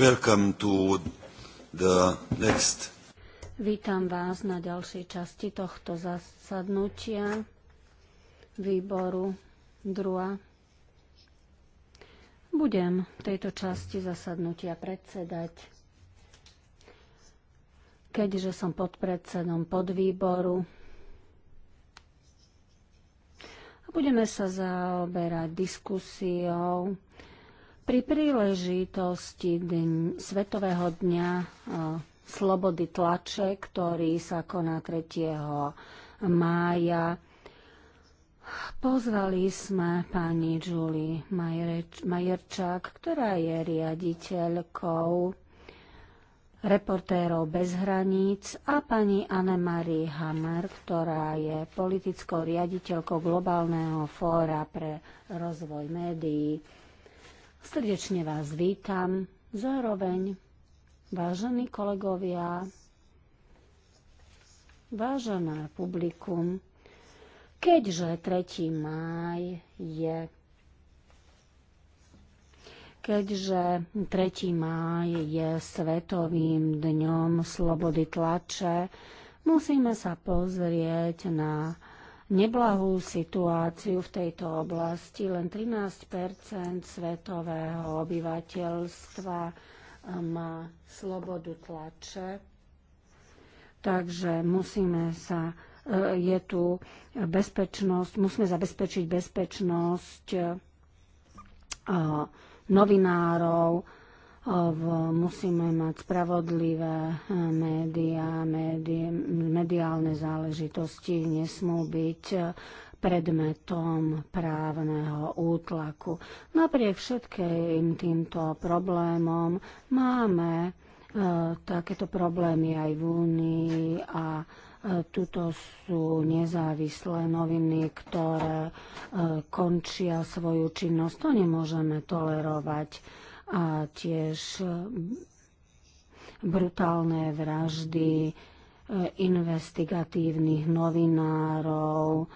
Welcome to the next. Vítam vás na ďalšej časti tohto zasadnutia výboru druha. Budem v tejto časti zasadnutia predsedať. Keďže som podpredsedom podvýboru, budeme sa zaoberať diskusiou pri príležitosti dň, Svetového dňa e, slobody tlače, ktorý sa koná 3. mája, Pozvali sme pani Julie Majerčák, ktorá je riaditeľkou reportérov bez hraníc a pani Anne-Marie Hammer, ktorá je politickou riaditeľkou Globálneho fóra pre rozvoj médií. Srdečne vás vítam. Zároveň, vážení kolegovia, vážené publikum, keďže 3. máj je keďže 3. máj je svetovým dňom slobody tlače, musíme sa pozrieť na neblahú situáciu v tejto oblasti. Len 13 svetového obyvateľstva eh, má slobodu tlače. Takže musíme sa, eh, je tu bezpečnosť, musíme zabezpečiť bezpečnosť eh, novinárov, musíme mať spravodlivé eh, médiá, médi, mediálne záležitosti nesmú byť eh, predmetom právneho útlaku. Napriek všetkým týmto problémom máme e, takéto problémy aj v Únii a e, tuto sú nezávislé noviny, ktoré e, končia svoju činnosť. To nemôžeme tolerovať a tiež mm, brutálne vraždy eh, investigatívnych novinárov.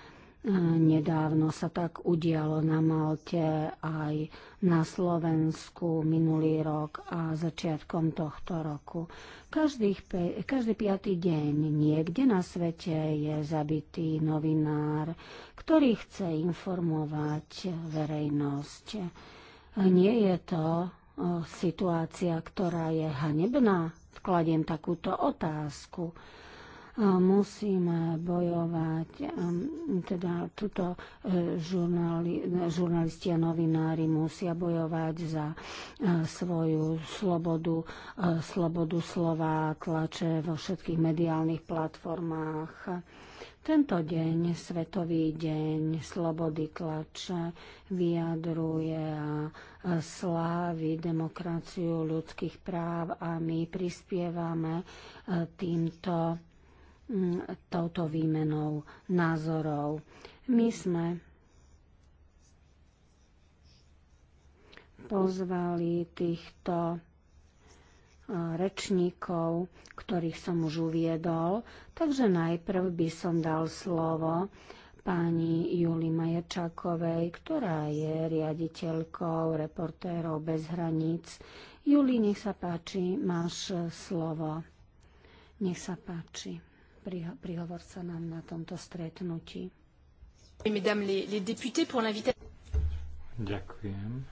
Eh, nedávno sa tak udialo na Malte aj na Slovensku minulý rok a začiatkom tohto roku. Každý, každý piatý deň niekde na svete je zabitý novinár, ktorý chce informovať verejnosť. Eh, nie je to situácia, ktorá je hanebná? Kladiem takúto otázku musíme bojovať. Um, teda tuto e, žurnali, žurnalisti a novinári musia bojovať za e, svoju slobodu, e, slobodu slova, tlače vo všetkých mediálnych platformách tento deň, Svetový deň slobody tlače, vyjadruje a slávy demokraciu ľudských práv a my prispievame e, týmto, touto výmenou názorov. My sme pozvali týchto rečníkov, ktorých som už uviedol. Takže najprv by som dal slovo pani Juli Majerčákovej, ktorá je riaditeľkou reportérov bez hraníc. Juli, nech sa páči, máš slovo. Nech sa páči. prihovor sa nám na tomto stretnutí. Ďakujem.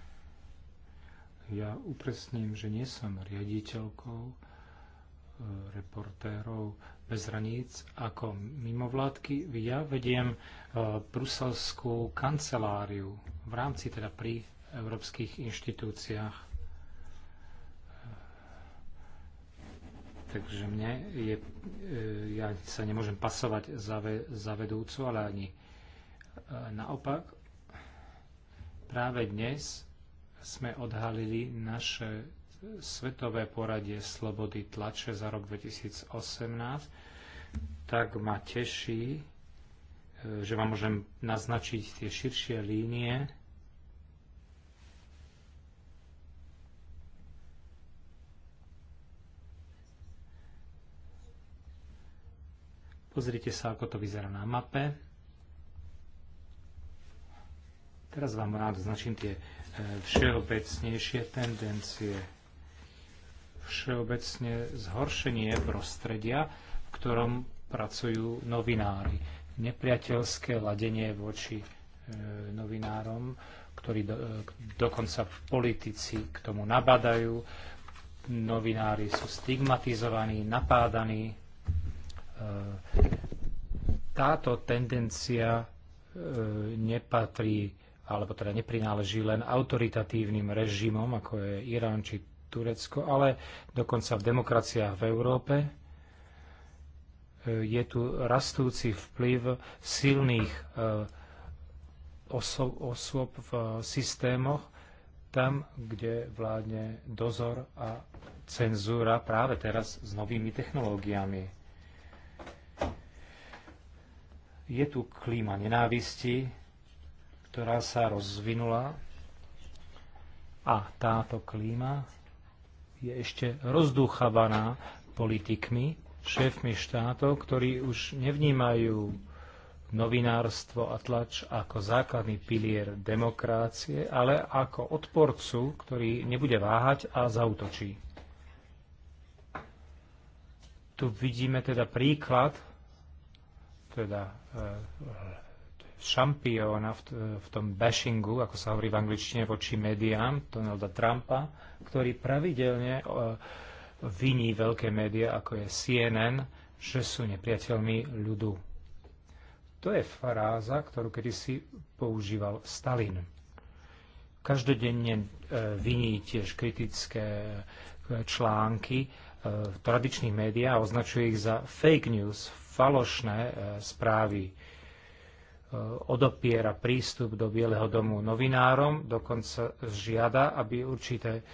Ja upresním, že nie som riaditeľkou e, reportérov bez hraníc ako mimovládky. Ja vediem e, bruselskú kanceláriu v rámci teda pri európskych inštitúciách. E, takže mne je, ja sa nemôžem pasovať za, ve, za vedúcu, ale ani naopak. Práve dnes sme odhalili naše svetové poradie slobody tlače za rok 2018, tak ma teší, e, že vám môžem naznačiť tie širšie línie, Pozrite sa, ako to vyzerá na mape. Teraz vám značím tie e, všeobecnejšie tendencie. Všeobecne zhoršenie prostredia, v ktorom pracujú novinári. Nepriateľské ladenie voči e, novinárom, ktorí do, e, dokonca politici k tomu nabadajú. Novinári sú stigmatizovaní, napádaní. Táto tendencia nepatrí alebo teda neprináleží len autoritatívnym režimom, ako je Irán či Turecko, ale dokonca v demokraciách v Európe e, je tu rastúci vplyv silných e, oso- osôb v e, systémoch, tam, kde vládne dozor a cenzúra práve teraz s novými technológiami. Je tu klíma nenávisti, ktorá sa rozvinula a táto klíma je ešte rozduchávaná politikmi, šéfmi štátov, ktorí už nevnímajú novinárstvo a tlač ako základný pilier demokrácie, ale ako odporcu, ktorý nebude váhať a zautočí. Tu vidíme teda príklad teda e, šampióna v, v tom bashingu, ako sa hovorí v angličtine, voči médiám, Donalda Trumpa, ktorý pravidelne e, viní veľké médiá, ako je CNN, že sú nepriateľmi ľudu. To je fráza, ktorú kedysi používal Stalin. Každodenne e, viní tiež kritické e, články v tradičných médiá a označuje ich za fake news, falošné správy Eh, odopiera prístup do Bieleho domu novinárom, dokonca žiada, aby určité eh,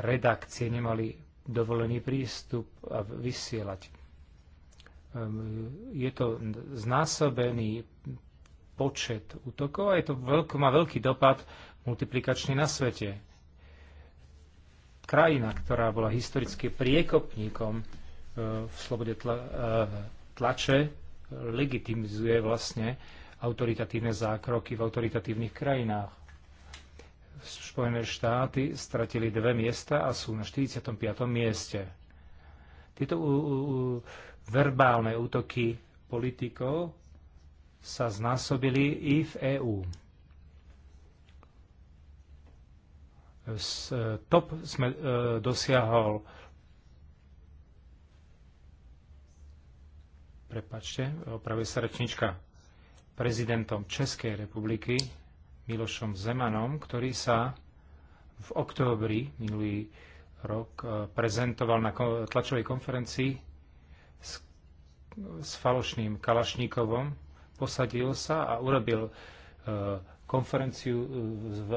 redakcie nemali dovolený prístup a vysielať. Ehm, je to znásobený počet útokov a je to veľko, má veľký dopad multiplikačný na svete. Krajina, ktorá bola historicky priekopníkom eh, v slobode tla, tlače, legitimizuje vlastne autoritatívne zákroky v autoritatívnych krajinách. Spojené štáty stratili dve miesta a sú na 45. mieste. Tieto u, u, verbálne útoky politikov sa znásobili i v EÚ. E, top sme e, dosiahol prepačte, opravuje sa rečnička, prezidentom Českej republiky Milošom Zemanom, ktorý sa v októbri minulý rok e, prezentoval na tlačovej konferencii s, s falošným Kalašníkovom, posadil sa a urobil e, konferenciu e, v,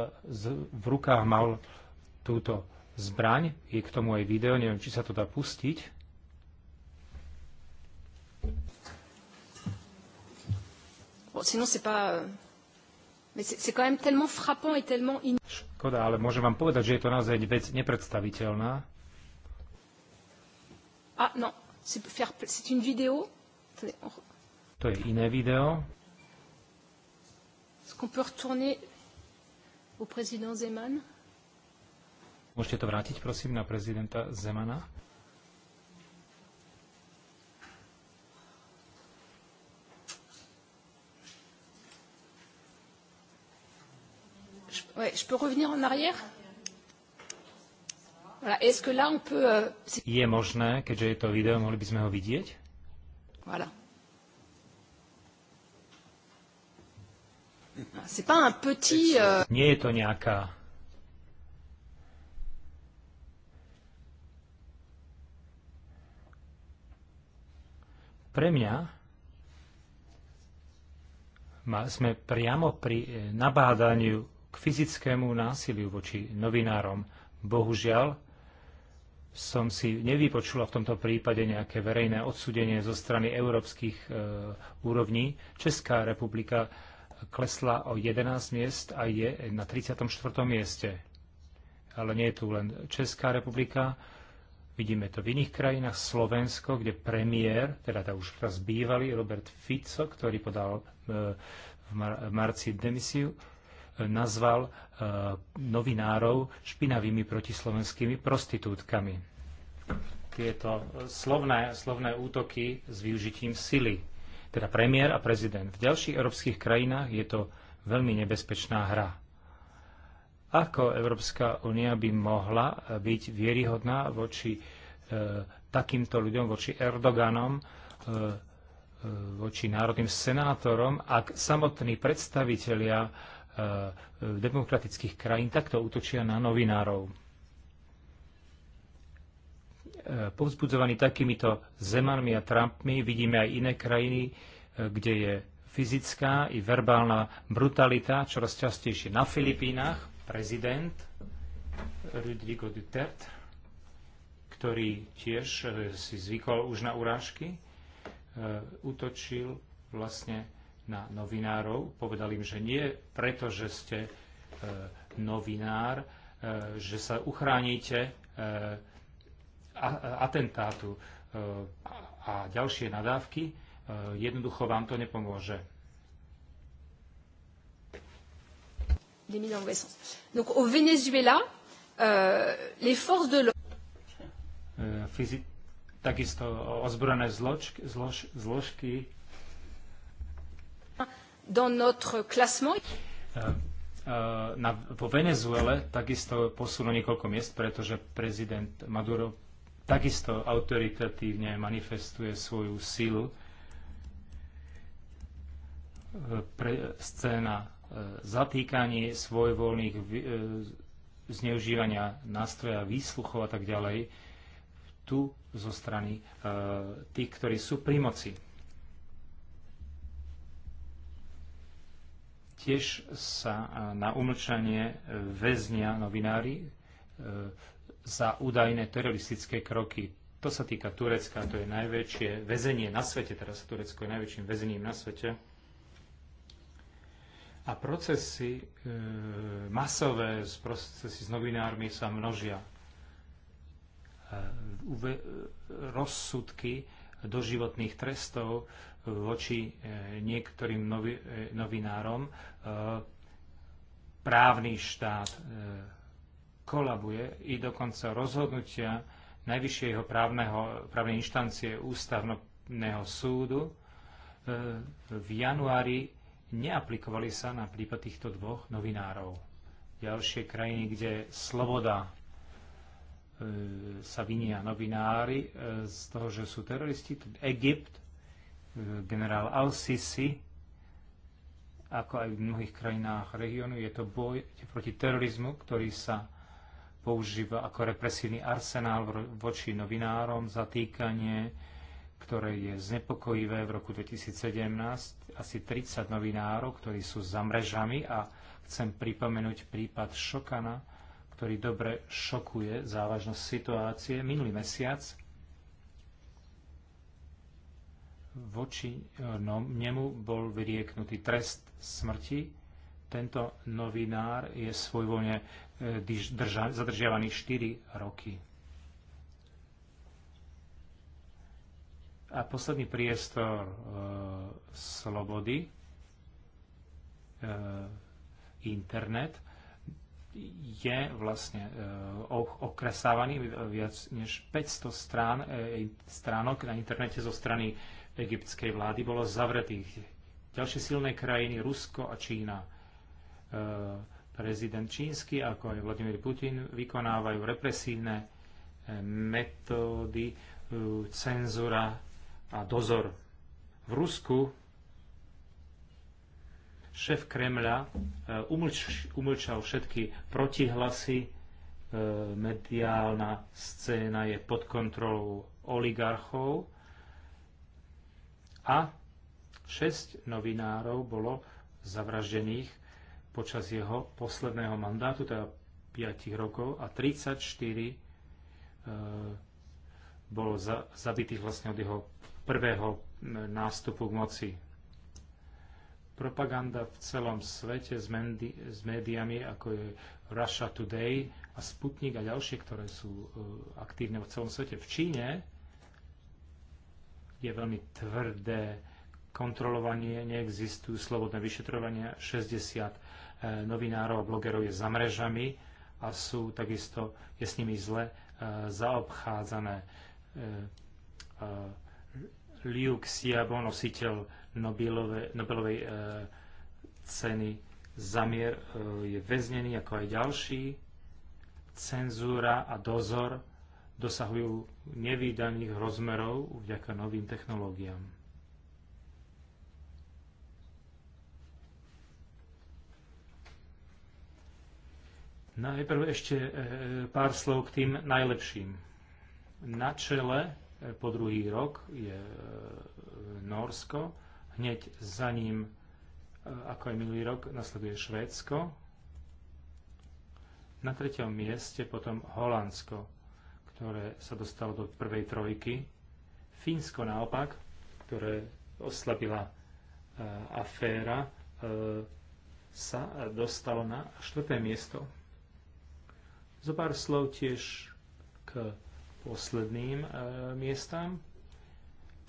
v rukách mal túto zbraň, je k tomu aj video, neviem, či sa to dá pustiť. Bon, sinon, c'est pas... Euh, mais c'est quand même tellement frappant et tellement... In... Škoda, ale môžem vám povedať, že je to naozaj vec nepredstaviteľná. Ah, non. C'est faire... une vidéo. To je iné video. Est-ce qu'on peut retourner au président Zeman? Môžete to vrátiť, prosím, na prezidenta Zemana. Ouais, je peux revenir en arrière voilà. Est-ce que là on peut... možné, euh, keďže je to video, mohli by sme ho vidieť? Voilà. C'est pas un petit... Euh... Nie je to nejaká... Pre mňa ma, sme priamo pri eh, nabádaniu k fyzickému násiliu voči novinárom. Bohužiaľ, som si nevypočula v tomto prípade nejaké verejné odsudenie zo strany európskych e, úrovní. Česká republika klesla o 11 miest a je na 34. mieste. Ale nie je tu len Česká republika, vidíme to v iných krajinách, Slovensko, kde premiér, teda tá už raz bývalý Robert Fico, ktorý podal e, v, mar- v marci demisiu, nazval e, novinárov špinavými protislovenskými prostitútkami. Tieto slovné, slovné útoky s využitím sily, teda premiér a prezident. V ďalších európskych krajinách je to veľmi nebezpečná hra. Ako Európska únia by mohla byť vieryhodná voči e, takýmto ľuďom, voči Erdoganom, e, voči národným senátorom, ak samotní predstavitelia Eh, demokratických krajín takto útočia na novinárov. Eh, povzbudzovaní takýmito Zemanmi a Trumpmi vidíme aj iné krajiny, eh, kde je fyzická i verbálna brutalita čoraz častejšie. Na Filipínach prezident Rodrigo Duterte, ktorý tiež si zvykol už na urážky, útočil vlastne na novinárov, povedal im, že nie preto, že ste e, novinár, e, že sa uchránite e, a, atentátu e, a, a ďalšie nadávky, e, jednoducho vám to nepomôže. Donc au Venezuela, euh, les forces de l'ordre. E, takisto ozbrojené zložky, zlož, zložky dans notre classement. Eh, eh, na, po Venezuele takisto posunulo niekoľko miest, pretože prezident Maduro takisto autoritatívne manifestuje svoju sílu. Eh, pre, scéna zatýkaní svojvoľných zneužívania nástroja výsluchov a tak ďalej tu zo strany tých, ktorí sú pri moci. Tiež sa e, na umlčanie väznia novinári e, za údajné teroristické kroky. To sa týka Turecka, to je najväčšie väzenie na svete, teraz Turecko je najväčším väzením na svete. A procesy e, masové, procesy s novinármi sa množia. E, uve, e, rozsudky doživotných trestov e, voči e, niektorým e, novinárom. E, právny štát kolabuje i dokonca rozhodnutia najvyššieho právneho, právnej inštancie ústavného súdu v januári neaplikovali sa na prípad týchto dvoch novinárov. Ďalšie krajiny, kde sloboda sa vinia novinári z toho, že sú teroristi, Egypt, generál Al-Sisi, ako aj v mnohých krajinách regiónu, je to boj proti terorizmu, ktorý sa používa ako represívny arsenál voči novinárom, zatýkanie, ktoré je znepokojivé v roku 2017. Asi 30 novinárov, ktorí sú za mrežami a chcem pripomenúť prípad Šokana, ktorý dobre šokuje závažnosť situácie. Minulý mesiac Voči e, no, nemu bol vyrieknutý trest smrti. Tento novinár je svojvoľne e, zadržiavaný 4 roky. A posledný priestor e, slobody, e, internet, je vlastne e, okresávaný viac než 500 strán, e, stránok na internete zo strany egyptskej vlády bolo zavretých. Ďalšie silné krajiny, Rusko a Čína. E, prezident čínsky, ako aj Vladimír Putin, vykonávajú represívne e, metódy, e, cenzura a dozor. V Rusku šéf Kremľa e, umlč, umlčal všetky protihlasy, e, mediálna scéna je pod kontrolou oligarchov, a 6 novinárov bolo zavraždených počas jeho posledného mandátu, teda 5 rokov, a 34 e, bolo za, zabitých vlastne od jeho prvého nástupu k moci. Propaganda v celom svete s, mendi, s médiami, ako je Russia Today a Sputnik a ďalšie, ktoré sú e, aktívne v celom svete. V Číne je veľmi tvrdé kontrolovanie, neexistujú slobodné vyšetrovania, 60 e, novinárov a blogerov je za mrežami a sú takisto, je s nimi zle e, zaobchádzané. E, Liu Xiaobo, nositeľ Nobelove, Nobelovej ceny za mier, je väznený ako aj ďalší. Cenzúra a dozor dosahujú nevýdaných rozmerov vďaka novým technológiám. Najprv ešte e, e, pár slov k tým najlepším. Na čele e, po druhý rok je Norsko, hneď za ním, ako aj minulý rok, nasleduje Švédsko, na treťom mieste potom Holandsko ktoré sa dostalo do prvej trojky. Fínsko naopak, ktoré oslabila e, aféra, e, sa dostalo na štvrté miesto. Zo pár slov tiež k posledným e, miestam.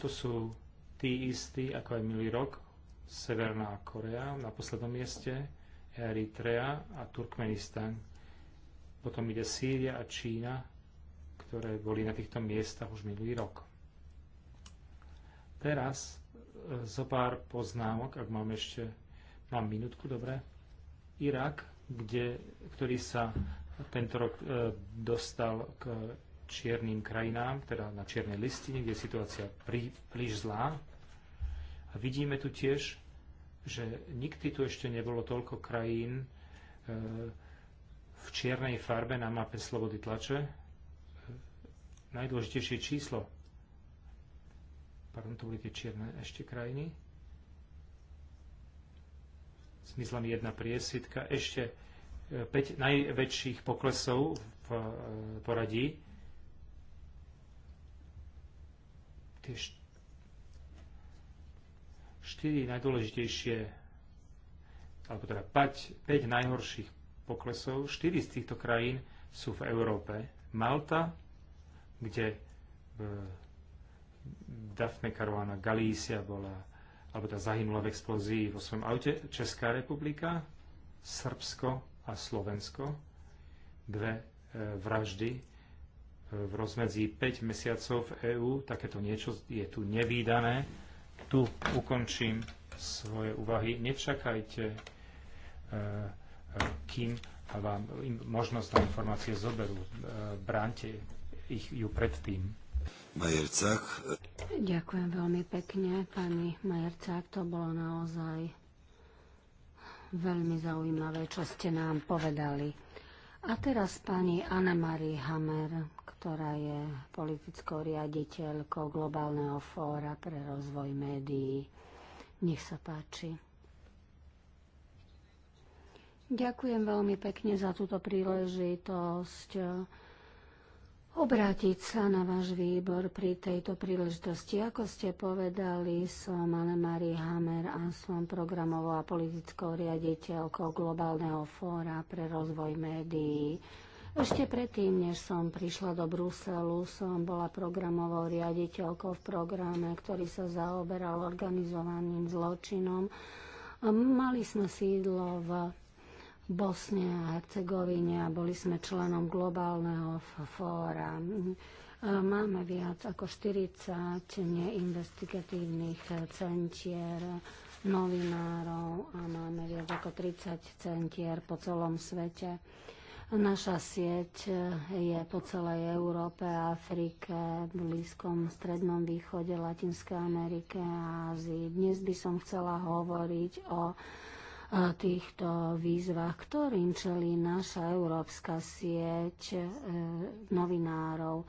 To sú tí istí, ako aj minulý rok, Severná Korea na poslednom mieste, Eritrea a Turkmenistan. Potom ide Sýria a Čína ktoré boli na týchto miestach už minulý rok. Teraz e, zo pár poznámok, ak mám ešte, mám minútku, dobre. Irak, kde, ktorý sa tento rok e, dostal k čiernym krajinám, teda na čiernej listine, kde je situácia prí, príliš zlá. A vidíme tu tiež, že nikdy tu ešte nebolo toľko krajín e, v čiernej farbe na mape slobody tlače, najdôležitejšie číslo. Pardon, to boli tie čierne ešte krajiny. Smyslom jedna priesvitka. Ešte 5 e, najväčších poklesov v e, poradí. Tie 4 najdôležitejšie alebo teda 5, 5 najhorších poklesov, 4 z týchto krajín sú v Európe. Malta, kde eh, Daphne Caruana Galícia bola, alebo tá zahynula v explózii vo svojom aute. Česká republika, Srbsko a Slovensko. Dve eh, vraždy eh, v rozmedzi 5 mesiacov v EÚ. Takéto niečo je tu nevýdané. Tu ukončím svoje úvahy. Nečakajte, kým vám možnosť na informácie zoberú. Bránte ich ju predtým. Majercák. Ďakujem veľmi pekne, pani Majercák. To bolo naozaj veľmi zaujímavé, čo ste nám povedali. A teraz pani Anne-Marie Hammer, ktorá je politickou riaditeľkou Globálneho fóra pre rozvoj médií. Nech sa páči. Ďakujem veľmi pekne za túto príležitosť obrátiť sa na váš výbor pri tejto príležitosti. Ako ste povedali, som Anna marie Hammer a som programovou a politickou riaditeľkou Globálneho fóra pre rozvoj médií. Ešte predtým, než som prišla do Bruselu, som bola programovou riaditeľkou v programe, ktorý sa zaoberal organizovaným zločinom. Mali sme sídlo v Bosne a Hercegovine a boli sme členom globálneho fóra. Mm, e, máme viac ako 40 neinvestigatívnych e, centier novinárov a máme viac ako 30 centier po celom svete. Naša sieť e, je po celej Európe, Afrike, Blízkom, Strednom východe, Latinskej Amerike a Ázii. Dnes by som chcela hovoriť o týchto výzvach, ktorým čelí naša európska sieť e, novinárov.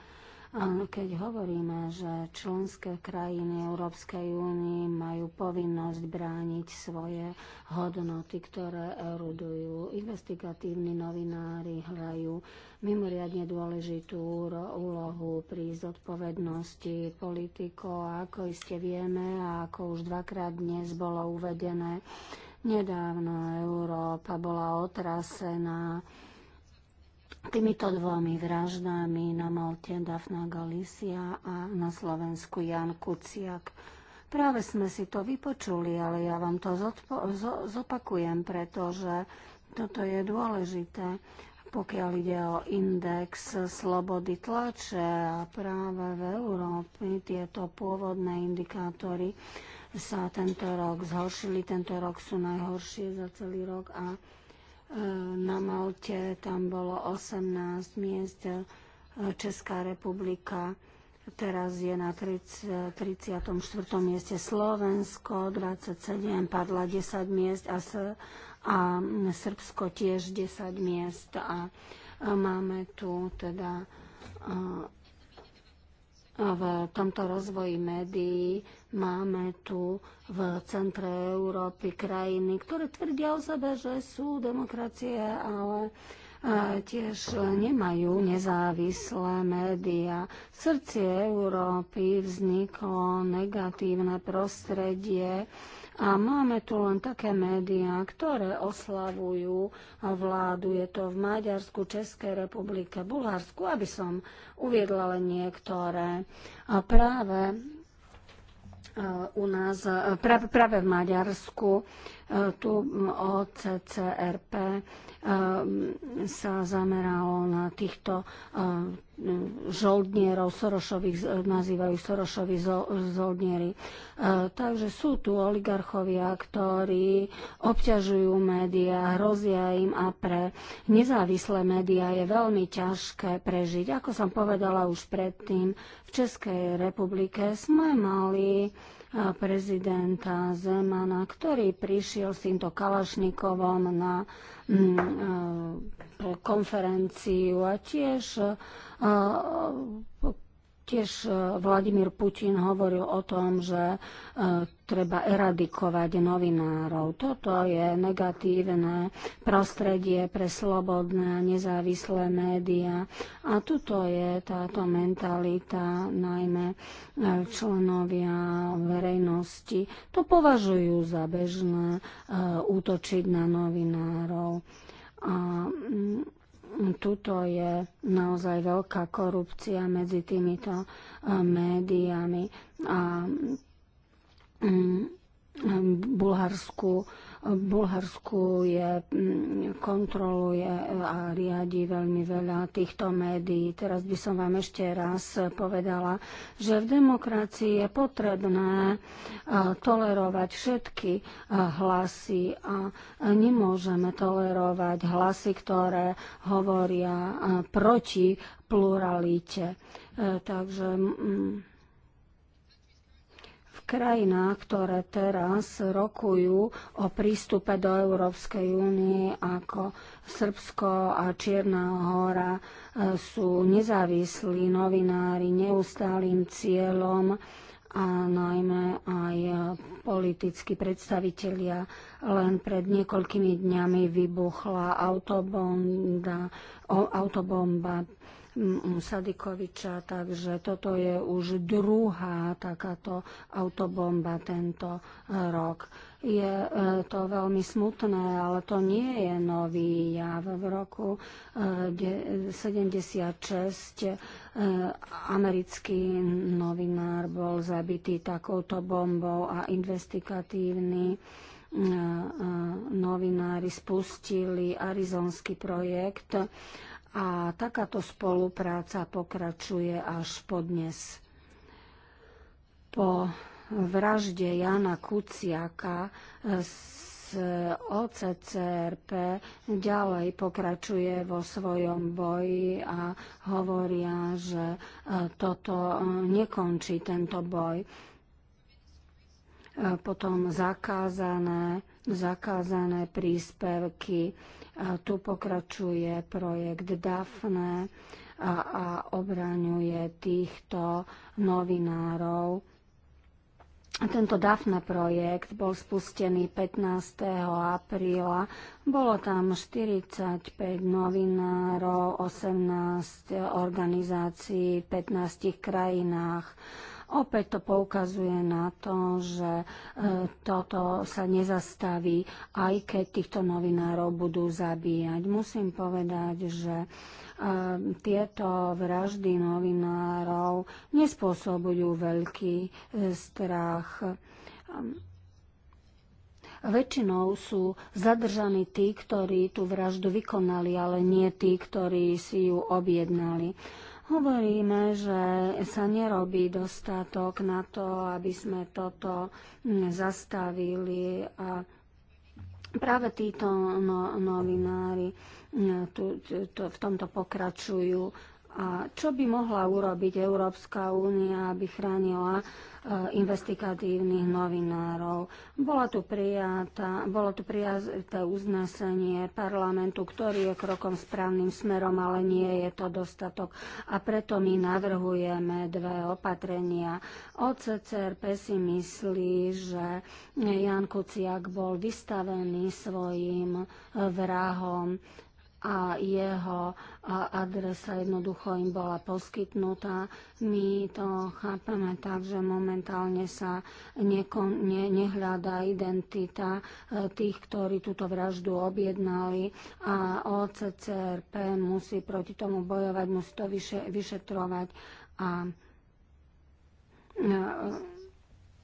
Keď hovoríme, že členské krajiny Európskej únie majú povinnosť brániť svoje hodnoty, ktoré erudujú, investigatívni novinári hrajú mimoriadne dôležitú úlohu pri zodpovednosti politikov. ako iste vieme a ako už dvakrát dnes bolo uvedené, Nedávno Európa bola otrasená týmito dvomi vraždami na Malte Dafna Galicia a na Slovensku Jan Kuciak. Práve sme si to vypočuli, ale ja vám to zopakujem, pretože toto je dôležité, pokiaľ ide o index slobody tlače a práve v Európe tieto pôvodné indikátory sa tento rok zhoršili. Tento rok sú najhoršie za celý rok a e, na Malte tam bolo 18 miest. E, Česká republika teraz je na 30, 34. mieste Slovensko, 27, padla 10 miest a, a Srbsko tiež 10 miest a e, máme tu teda v tomto rozvoji médií máme tu v centre Európy krajiny, ktoré tvrdia o sebe, že sú demokracie, ale e, tiež nemajú nezávislé médiá. V srdci Európy vzniklo negatívne prostredie, a máme tu len také médiá, ktoré oslavujú vládu. Je to v Maďarsku, Českej republike, Bulharsku, aby som uviedla len niektoré. A práve e, u nás, e, práve, práve v Maďarsku, e, tu OCCRP sa zameralo na týchto žoldnierov, Sorošových, nazývajú Sorošovi žoldnieri. E, takže sú tu oligarchovia, ktorí obťažujú médiá, hrozia im a pre nezávislé médiá je veľmi ťažké prežiť. Ako som povedala už predtým, v Českej republike sme mali prezidenta Zemana, ktorý prišiel s týmto Kalašnikovom na mm, e, konferenciu a tiež e, Tiež e, Vladimír Putin hovoril o tom, že e, treba eradikovať novinárov. Toto je negatívne prostredie pre slobodné a nezávislé médiá. A tuto je táto mentalita, najmä e, členovia verejnosti. To považujú za bežné útočiť na novinárov. A tuto je naozaj veľká korupcia medzi týmito eh, médiami a mm, Bulharsku Bulharsku je, mm, kontroluje a riadi veľmi veľa týchto médií. Teraz by som vám ešte raz povedala, že v demokracii je potrebné e, tolerovať všetky e, hlasy a nemôžeme tolerovať hlasy, ktoré hovoria e, proti pluralite. Takže mm, v krajinách, ktoré teraz rokujú o prístupe do Európskej únie ako Srbsko a Čierna hora e, sú nezávislí novinári neustálým cieľom a najmä aj e, politickí predstavitelia. Len pred niekoľkými dňami vybuchla autobomba, autobomba Sadikoviča, takže toto je už druhá takáto autobomba tento e, rok. Je e, to veľmi smutné, ale to nie je nový jav. V roku 76 e, americký novinár bol zabitý takouto bombou a investigatívny novinári spustili arizonský projekt a takáto spolupráca pokračuje až po dnes. Po vražde Jana Kuciaka z OCCRP ďalej pokračuje vo svojom boji a hovoria, že e, toto e, nekončí tento boj. E, potom zakázané, zakázané príspevky tu pokračuje projekt DAFNE a, a obraňuje týchto novinárov. Tento DAFNE projekt bol spustený 15. apríla. Bolo tam 45 novinárov, 18 organizácií v 15 krajinách Opäť to poukazuje na to, že e, toto sa nezastaví, aj keď týchto novinárov budú zabíjať. Musím povedať, že e, tieto vraždy novinárov nespôsobujú veľký e, strach. Väčšinou sú zadržaní tí, ktorí tú vraždu vykonali, ale nie tí, ktorí si ju objednali. Hovoríme, že sa nerobí dostatok na to, aby sme toto mm, zastavili a práve títo no, novinári mm, tu, tu, tu, v tomto pokračujú. A čo by mohla urobiť Európska únia, aby chránila Eh, investigatívnych novinárov. Bola tu prijatá, bolo tu prijaté uznesenie parlamentu, ktorý je krokom správnym smerom, ale nie je to dostatok. A preto my navrhujeme dve opatrenia. OCCRP si myslí, že Jan Kuciak bol vystavený svojim eh, vrahom a jeho adresa jednoducho im bola poskytnutá. My to chápeme tak, že momentálne sa nekon, ne, nehľadá identita e, tých, ktorí túto vraždu objednali a OCCRP musí proti tomu bojovať, musí to vyše, vyšetrovať a, a e,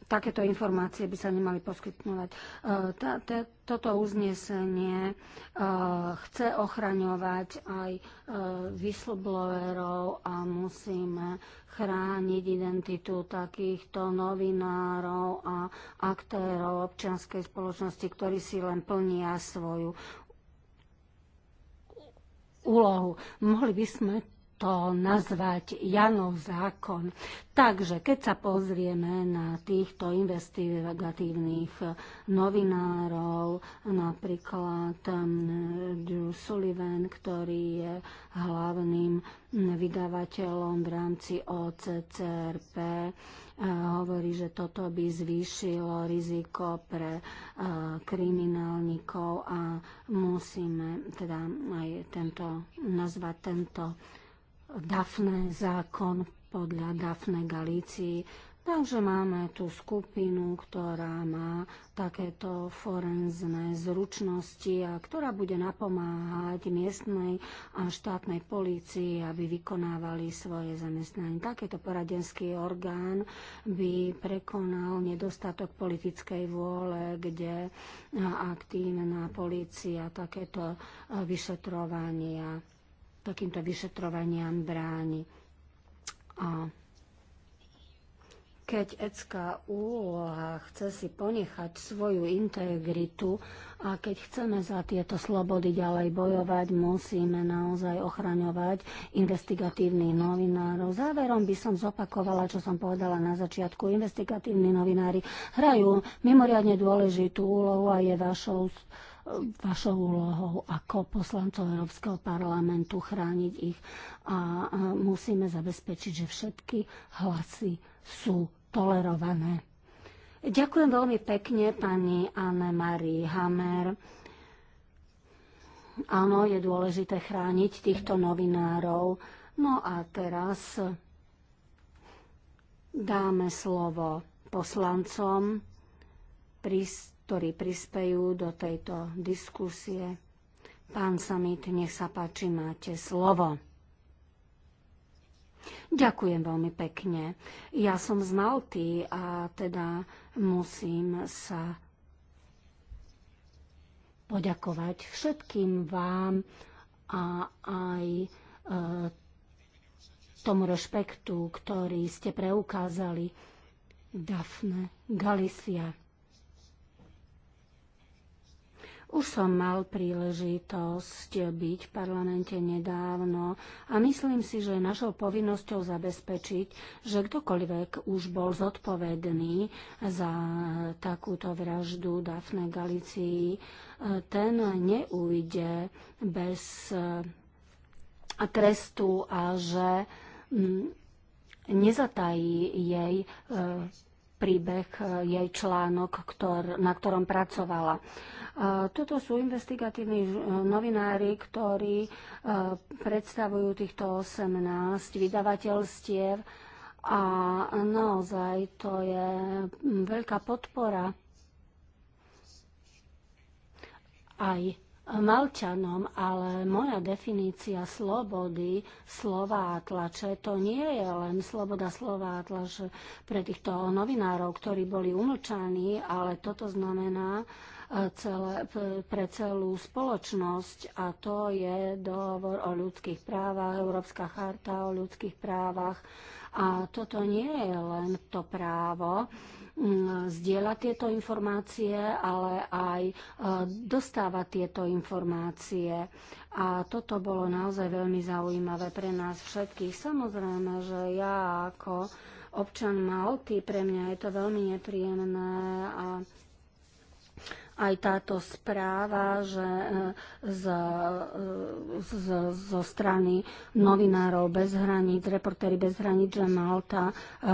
takéto informácie by sa nemali poskytnúvať. E, toto uznesenie e, chce ochraňovať aj e, whistleblowerov a musíme chrániť identitu takýchto novinárov a aktérov občianskej spoločnosti, ktorí si len plnia svoju úlohu. Mohli by sme to nazvať Janov zákon. Takže keď sa pozrieme na týchto investigatívnych eh, novinárov, napríklad mm, Drew Sullivan, ktorý je hlavným mm, vydavateľom v rámci OCCRP, eh, hovorí, že toto by zvýšilo riziko pre eh, kriminálnikov a musíme teda aj tento, nazvať tento Dafne zákon podľa Dafne Galícii. Takže máme tú skupinu, ktorá má takéto forenzné zručnosti a ktorá bude napomáhať miestnej a štátnej polícii, aby vykonávali svoje zamestnanie. Takéto poradenský orgán by prekonal nedostatok politickej vôle, kde aktívna polícia takéto vyšetrovania takýmto vyšetrovaniam bráni. A keď ECKA úloha chce si ponechať svoju integritu a keď chceme za tieto slobody ďalej bojovať, musíme naozaj ochraňovať investigatívnych novinárov. Záverom by som zopakovala, čo som povedala na začiatku. Investigatívni novinári hrajú mimoriadne dôležitú úlohu a je vašou vašou úlohou ako poslancov Európskeho parlamentu chrániť ich a musíme zabezpečiť, že všetky hlasy sú tolerované. Ďakujem veľmi pekne pani Anne Marie Hammer. Áno, je dôležité chrániť týchto novinárov. No a teraz dáme slovo poslancom. Prist- ktorí prispejú do tejto diskusie. Pán Samit, nech sa páči, máte slovo. Ďakujem veľmi pekne. Ja som z Malty a teda musím sa poďakovať všetkým vám a aj e, tomu rešpektu, ktorý ste preukázali Dafne Galicia. Už som mal príležitosť byť v parlamente nedávno a myslím si, že je našou povinnosťou zabezpečiť, že ktokoľvek už bol zodpovedný za takúto vraždu Dafne Galicii, ten neújde bez trestu a že mm, nezatají jej e, príbeh, e, jej článok, ktor, na ktorom pracovala. E, toto sú investigatívni e, novinári, ktorí predstavujú týchto 18 vydavateľstiev a naozaj to je veľká podpora aj Malčanom, ale moja definícia slobody slova a tlače, to nie je len sloboda slova a tlače pre týchto novinárov, ktorí boli umlčaní, ale toto znamená, celé, pre celú spoločnosť a to je dohovor o ľudských právach, Európska charta o ľudských právach a toto nie je len to právo, zdieľať tieto informácie, ale aj e, dostávať tieto informácie. A toto bolo naozaj veľmi zaujímavé pre nás všetkých. Samozrejme, že ja ako občan Malty, pre mňa je to veľmi nepríjemné a aj táto správa, že e, z, e, z, zo strany novinárov bez hraníc, reportéry bez hraníc, že Malta e,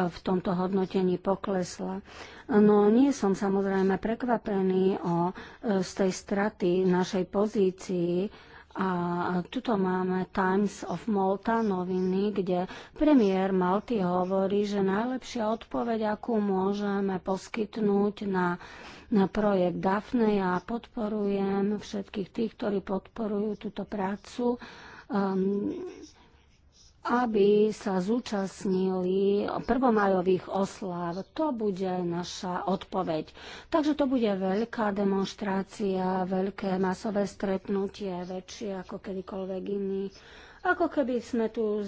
v tomto hodnotení poklesla. No nie som samozrejme prekvapený o, z tej straty našej pozícii, a tuto máme Times of Malta noviny, kde premiér Malty hovorí, že najlepšia odpoveď, akú môžeme poskytnúť na na projekt DAFNE. Ja podporujem všetkých tých, ktorí podporujú túto prácu. Um, aby sa zúčastnili prvomajových oslav. To bude naša odpoveď. Takže to bude veľká demonstrácia, veľké masové stretnutie, väčšie ako kedykoľvek iný. Ako keby sme tu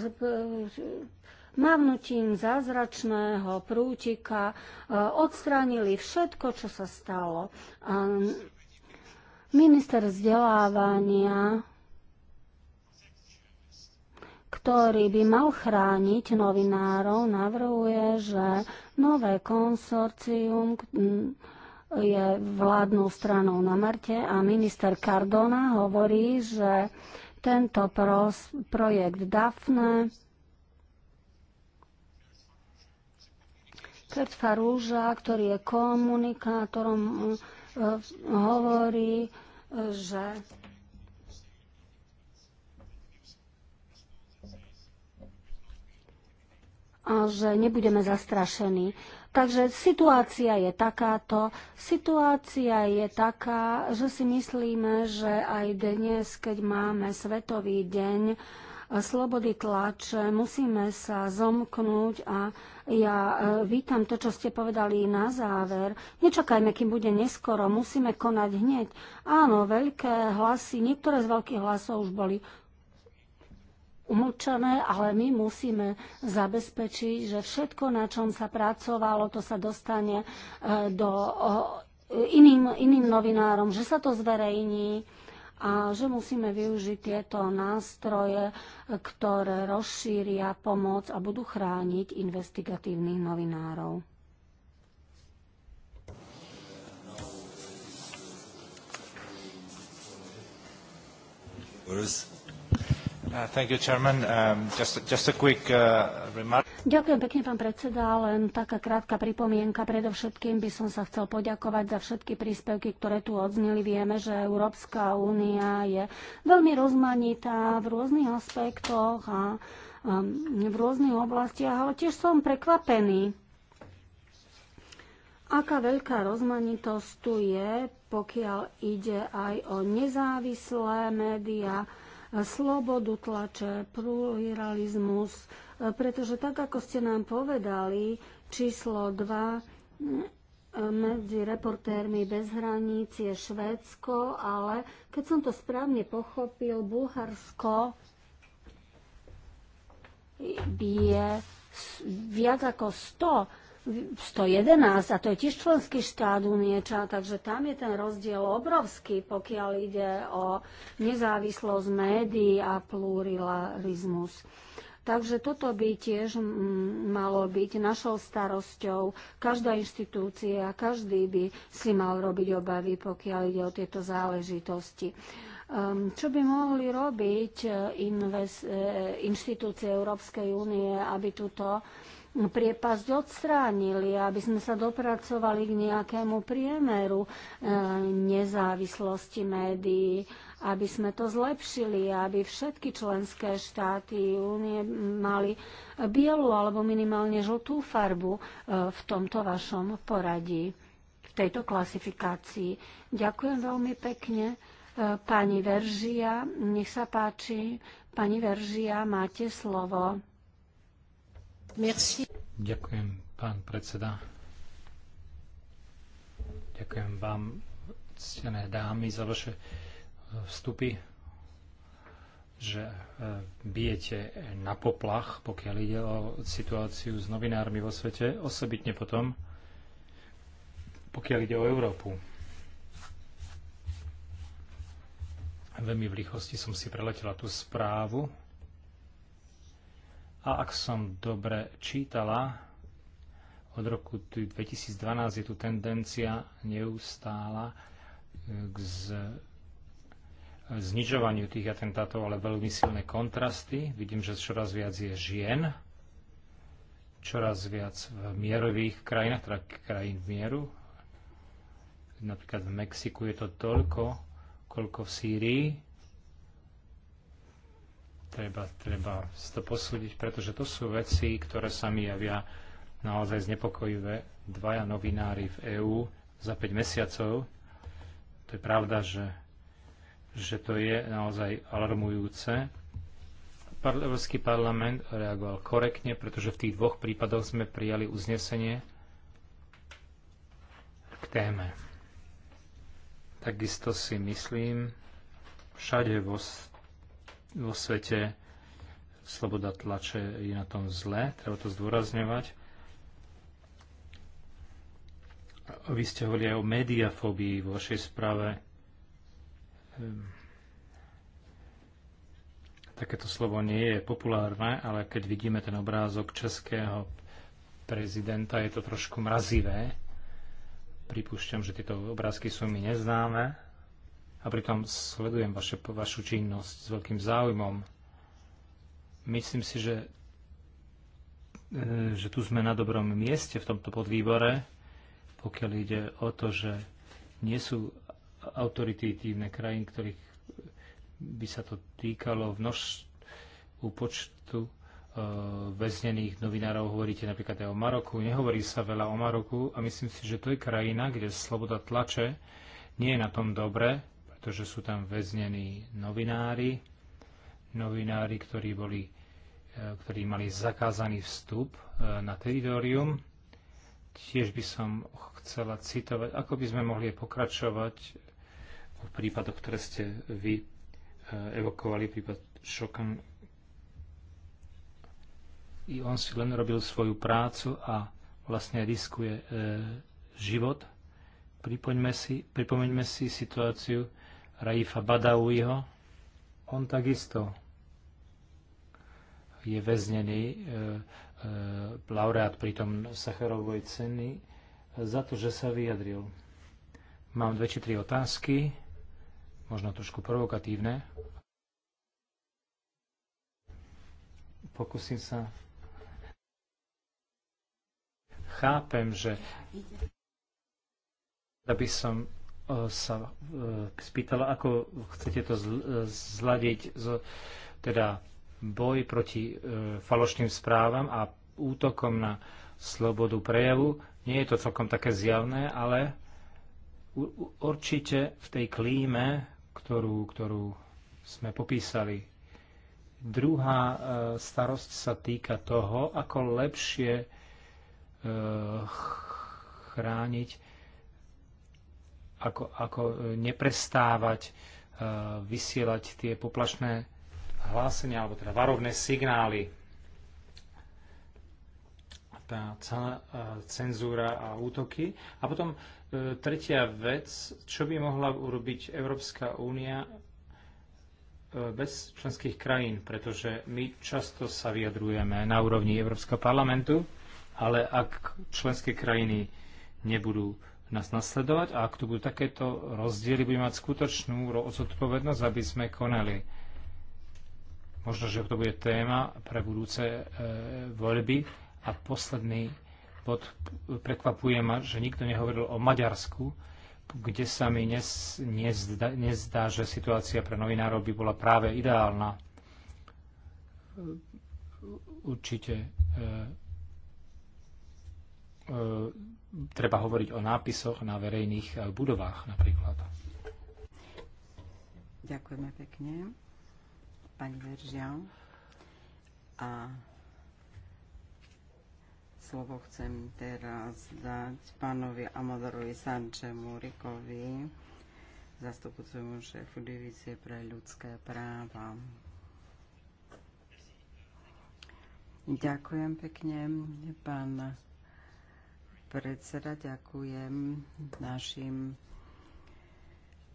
mávnutím zázračného prútika e, odstránili všetko, čo sa stalo. Minister vzdelávania ktorý by mal chrániť novinárov, navrhuje, že nové konsorcium je vládnou stranou na Marte a minister Cardona hovorí, že tento projekt DAFNE Kurt rúža, ktorý je komunikátorom, e, hovorí, e, že a že nebudeme zastrašení. Takže situácia je takáto. Situácia je taká, že si myslíme, že aj dnes, keď máme Svetový deň slobody tlače, musíme sa zomknúť a ja e, vítam to, čo ste povedali na záver. Nečakajme, kým bude neskoro, musíme konať hneď. Áno, veľké hlasy, niektoré z veľkých hlasov už boli umlčené, ale my musíme zabezpečiť, že všetko, na čom sa pracovalo, to sa dostane e, do iným, iným novinárom, že sa to zverejní a že musíme využiť tieto nástroje, ktoré rozšíria pomoc a budú chrániť investigatívnych novinárov. Whereas Uh, you, um, just, just quick, uh, Ďakujem pekne, pán predseda. Len taká krátka pripomienka. Predovšetkým by som sa chcel poďakovať za všetky príspevky, ktoré tu odzneli. Vieme, že Európska únia je veľmi rozmanitá v rôznych aspektoch a um, v rôznych oblastiach, ale tiež som prekvapený, aká veľká rozmanitosť tu je, pokiaľ ide aj o nezávislé médiá, slobodu tlače, pluralizmus, pretože tak, ako ste nám povedali, číslo 2 mm, medzi reportérmi bez hraníc je Švédsko, ale keď som to správne pochopil, Bulharsko je viac ako 100 111 a to je tiež členský štát Unieča, takže tam je ten rozdiel obrovský, pokiaľ ide o nezávislosť médií a pluralizmus. Takže toto by tiež malo byť našou starosťou. Každá inštitúcia, každý by si mal robiť obavy, pokiaľ ide o tieto záležitosti. Ehm, čo by mohli robiť eh, inves, eh, inštitúcie Európskej únie, aby túto priepasť odstránili, aby sme sa dopracovali k nejakému priemeru e, nezávislosti médií, aby sme to zlepšili, aby všetky členské štáty únie mali bielu alebo minimálne žltú farbu e, v tomto vašom poradí, v tejto klasifikácii. Ďakujem veľmi pekne. E, pani Veržia, nech sa páči. Pani Veržia, máte slovo. Merci. Ďakujem, pán predseda. Ďakujem vám, ctené dámy, za vaše e, vstupy, že e, bijete na poplach, pokiaľ ide o situáciu s novinármi vo svete, osobitne potom, pokiaľ ide o Európu. Veľmi v rýchlosti som si preletela tú správu, a ak som dobre čítala, od roku 2012 je tu tendencia neustála e, k z, znižovaniu tých atentátov, ale veľmi silné kontrasty. Vidím, že čoraz viac je žien, čoraz viac v mierových krajinách, teda krajín v mieru. Napríklad v Mexiku je to toľko, koľko v Sýrii Treba, treba to posúdiť, pretože to sú veci, ktoré sa mi javia naozaj znepokojivé. Dvaja novinári v EÚ za 5 mesiacov. To je pravda, že, že to je naozaj alarmujúce. Európsky parlament reagoval korektne, pretože v tých dvoch prípadoch sme prijali uznesenie k téme. Takisto si myslím, všade vo vo svete sloboda tlače je na tom zle, treba to zdôrazňovať. Vy ste hovorili aj o mediafóbii vo vašej správe. Ehm, takéto slovo nie je populárne, ale keď vidíme ten obrázok českého prezidenta, je to trošku mrazivé. Pripúšťam, že tieto obrázky sú mi neznáme, a pritom sledujem vaše, vašu činnosť s veľkým záujmom. Myslím si, že, e, že tu sme na dobrom mieste v tomto podvýbore, pokiaľ ide o to, že nie sú autoritívne krajín, ktorých by sa to týkalo v množ, u počtu e, väznených novinárov. Hovoríte napríklad aj o Maroku. Nehovorí sa veľa o Maroku a myslím si, že to je krajina, kde sloboda tlače nie je na tom dobre pretože sú tam väznení novinári, novinári, ktorí, boli, e, ktorí mali zakázaný vstup e, na teritorium. Tiež by som chcela citovať, ako by sme mohli pokračovať v prípadoch, ktoré ste vy e, evokovali, prípad Šokan. I on si len robil svoju prácu a vlastne riskuje e, život. Pripomeňme si, pripomeňme si situáciu Raifa Badawiho. On takisto je väznený e, e, laureát pritom Sacharovej ceny e, za to, že sa vyjadril. Mám dve či tri otázky, možno trošku provokatívne. Pokúsim sa. Chápem, že aby som E, sa e, spýtala, ako chcete to e, zladiť, teda boj proti falošným správam a útokom na slobodu prejavu. Nie je to celkom také zjavné, ale určite v tej klíme, ktorú, ktorú sme popísali, druhá starosť sa týka toho, ako lepšie chrániť ako, ako e, neprestávať e, vysielať tie poplašné hlásenia, alebo teda varovné signály. Tá e, cenzúra a útoky. A potom tretia vec, čo by mohla urobiť Európska únia bez členských krajín, pretože my často sa vyjadrujeme na úrovni Európskeho parlamentu, ale ak členské krajiny nebudú nás nasledovať a ak tu budú takéto rozdiely, budeme mať skutočnú zodpovednosť, aby sme konali. Možno, že to bude téma pre budúce e, voľby. A posledný bod, prekvapuje ma, že nikto nehovoril o Maďarsku, kde sa mi nes, nezdá, nezdá, že situácia pre novinárov by bola práve ideálna. Určite e, e, treba hovoriť o nápisoch na verejných eh, budovách napríklad. Ďakujeme pekne. Pani Veržian. A slovo chcem teraz dať pánovi Amadorovi Sančemu Rikovi, zastupujúcemu šéfu divície pre ľudské práva. Ďakujem pekne, pán predseda, ďakujem našim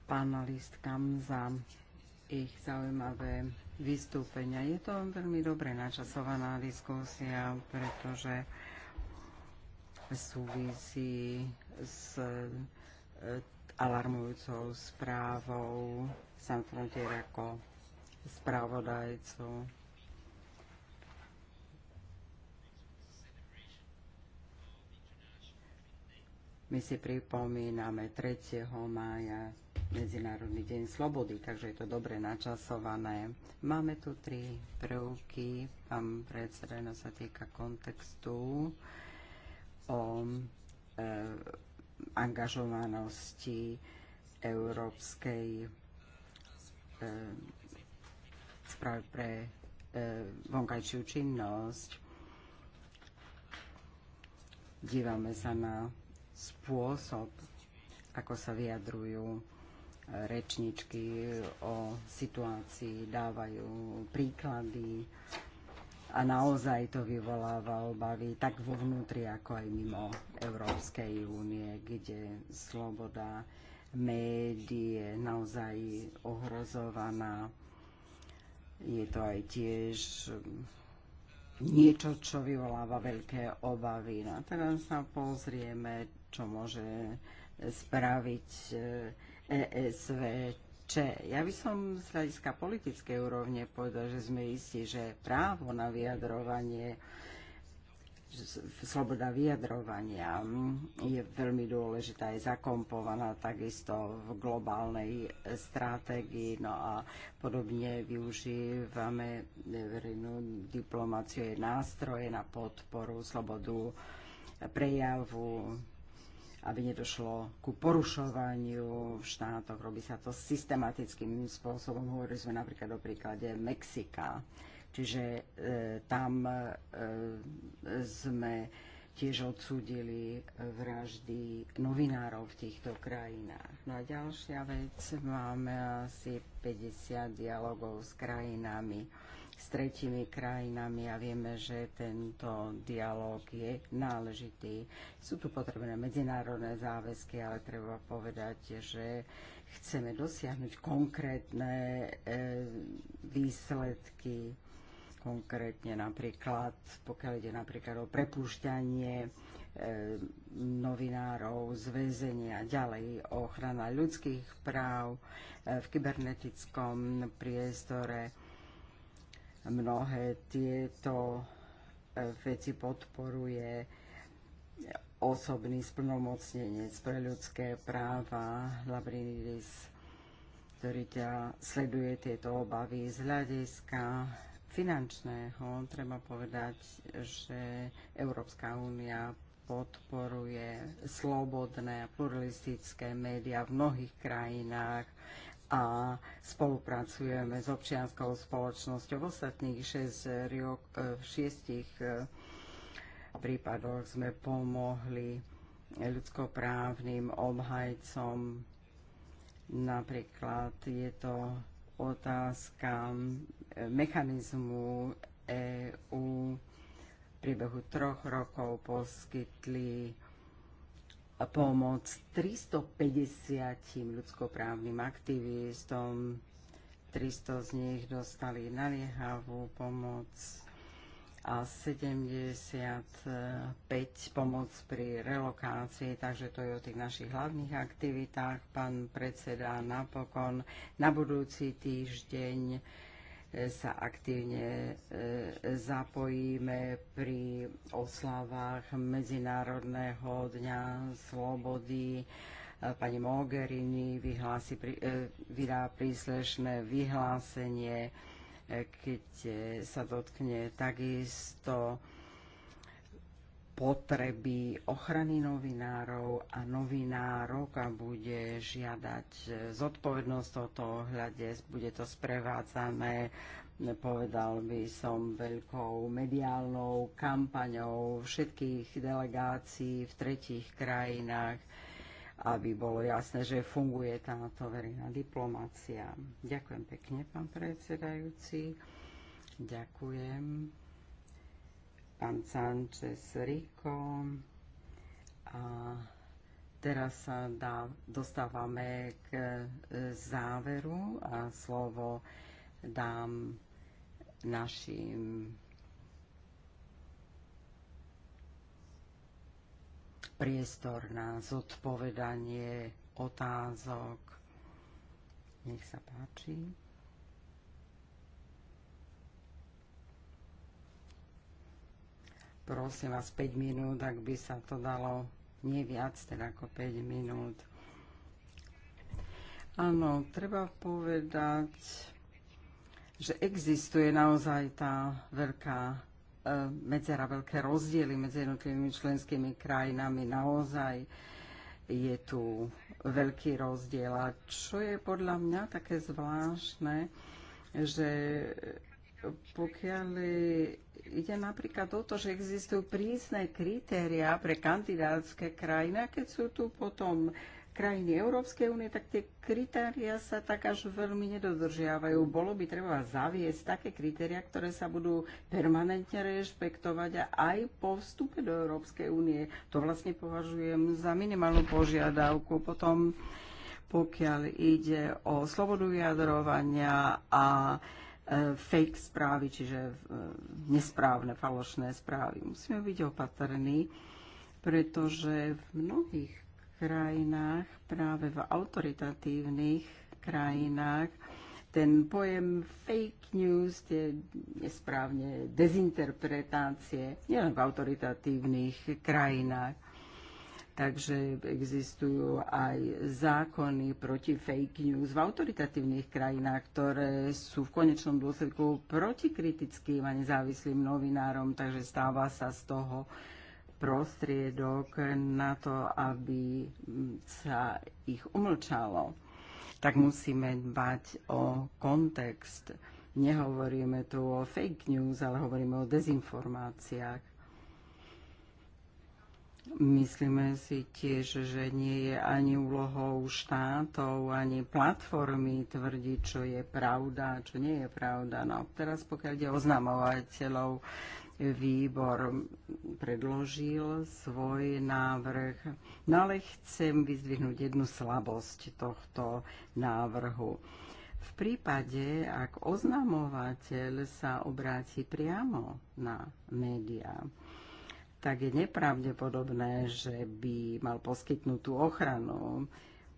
panelistkám za ich zaujímavé vystúpenia. Je to veľmi dobre načasovaná diskusia, pretože súvisí s e, alarmujúcou správou San Frontier ako spravodajcu My si pripomíname 3. mája Medzinárodný deň slobody, takže je to dobre načasované. Máme tu tri prvky. Pán predseda, no, sa týka kontextu o e, angažovanosti Európskej e, správy pre e, vonkajšiu činnosť. Dívame sa na spôsob, ako sa vyjadrujú e, rečničky o situácii, dávajú príklady a naozaj to vyvoláva obavy tak vo vnútri, ako aj mimo Európskej únie, kde sloboda médií je naozaj ohrozovaná. Je to aj tiež niečo, čo vyvoláva veľké obavy. No a teraz sa pozrieme, čo môže e, spraviť ESV e Če. Ja by som z hľadiska politickej úrovne povedal, že sme istí, že právo na vyjadrovanie sloboda vyjadrovania je veľmi dôležitá, je zakompovaná takisto v globálnej e, stratégii, no a podobne využívame verejnú diplomáciu, je nástroje na podporu slobodu prejavu, aby nedošlo ku porušovaniu v štátoch. Robí sa to systematickým spôsobom. Hovorili sme napríklad o príklade Mexika. Čiže e, tam e, sme tiež odsúdili vraždy novinárov v týchto krajinách. No a ďalšia vec, máme asi 50 dialogov s krajinami s tretimi krajinami a vieme, že tento dialog je náležitý. Sú tu potrebné medzinárodné záväzky, ale treba povedať, že chceme dosiahnuť konkrétne e, výsledky, konkrétne napríklad, pokiaľ ide napríklad o e, novinárov z väzenia, ďalej ochrana ľudských práv e, v kybernetickom priestore, mnohé tieto e, veci podporuje osobný splnomocnenec pre ľudské práva Labrinidis, ktorý ťa sleduje tieto obavy z hľadiska finančného. Treba povedať, že Európska únia podporuje slobodné pluralistické médiá v mnohých krajinách a spolupracujeme s občianskou spoločnosťou. V ostatných e, šiestich riok, e, prípadoch sme pomohli ľudskoprávnym obhajcom. Napríklad je to otázka e, mechanizmu EÚ. V priebehu troch rokov poskytli pomoc 350 ľudskoprávnym aktivistom. 300 z nich dostali naliehavú pomoc a 75 pomoc pri relokácii, takže to je o tých našich hlavných aktivitách. Pán predseda, napokon na budúci týždeň sa aktívne e, zapojíme pri oslavách Medzinárodného dňa slobody. E, pani Mogherini vyhlási, e, vydá príslešné vyhlásenie, keď sa dotkne takisto potreby ochrany novinárov a novinárok a bude žiadať zodpovednosť o tomto ohľade, bude to sprevádzané, povedal by som, veľkou mediálnou kampaňou všetkých delegácií v tretích krajinách, aby bolo jasné, že funguje táto verejná diplomácia. Ďakujem pekne, pán predsedajúci. Ďakujem pán Sanchez Rico. A teraz sa dá, dostávame k e, záveru a slovo dám našim priestor na zodpovedanie otázok. Nech sa páči. prosím vás 5 minút, ak by sa to dalo nie viac, teda ako 5 minút. Áno, treba povedať, že existuje naozaj tá veľká e, medzera, veľké rozdiely medzi jednotlivými členskými krajinami. Naozaj je tu veľký rozdiel. A čo je podľa mňa také zvláštne, že pokiaľ ide napríklad o to, že existujú prísne kritéria pre kandidátske krajiny, a keď sú tu potom krajiny Európskej únie, tak tie kritéria sa tak až veľmi nedodržiavajú. Bolo by treba zaviesť také kritéria, ktoré sa budú permanentne rešpektovať a aj po vstupe do Európskej únie. To vlastne považujem za minimálnu požiadavku. Potom, pokiaľ ide o slobodu vyjadrovania a E, fake správy, čiže e, nesprávne, falošné správy. Musíme byť opatrní, pretože v mnohých krajinách, práve v autoritatívnych krajinách, ten pojem fake news, tie nesprávne dezinterpretácie, nielen v autoritatívnych krajinách. Takže existujú aj zákony proti fake news v autoritatívnych krajinách, ktoré sú v konečnom dôsledku proti kritickým a nezávislým novinárom, takže stáva sa z toho prostriedok na to, aby sa ich umlčalo. Tak musíme dbať o kontext. Nehovoríme tu o fake news, ale hovoríme o dezinformáciách Myslíme si tiež, že nie je ani úlohou štátov, ani platformy tvrdiť, čo je pravda, čo nie je pravda. No teraz pokiaľ ide oznamovateľov, výbor predložil svoj návrh, no ale chcem vyzdvihnúť jednu slabosť tohto návrhu. V prípade, ak oznamovateľ sa obráti priamo na médiá, tak je nepravdepodobné, že by mal poskytnutú ochranu,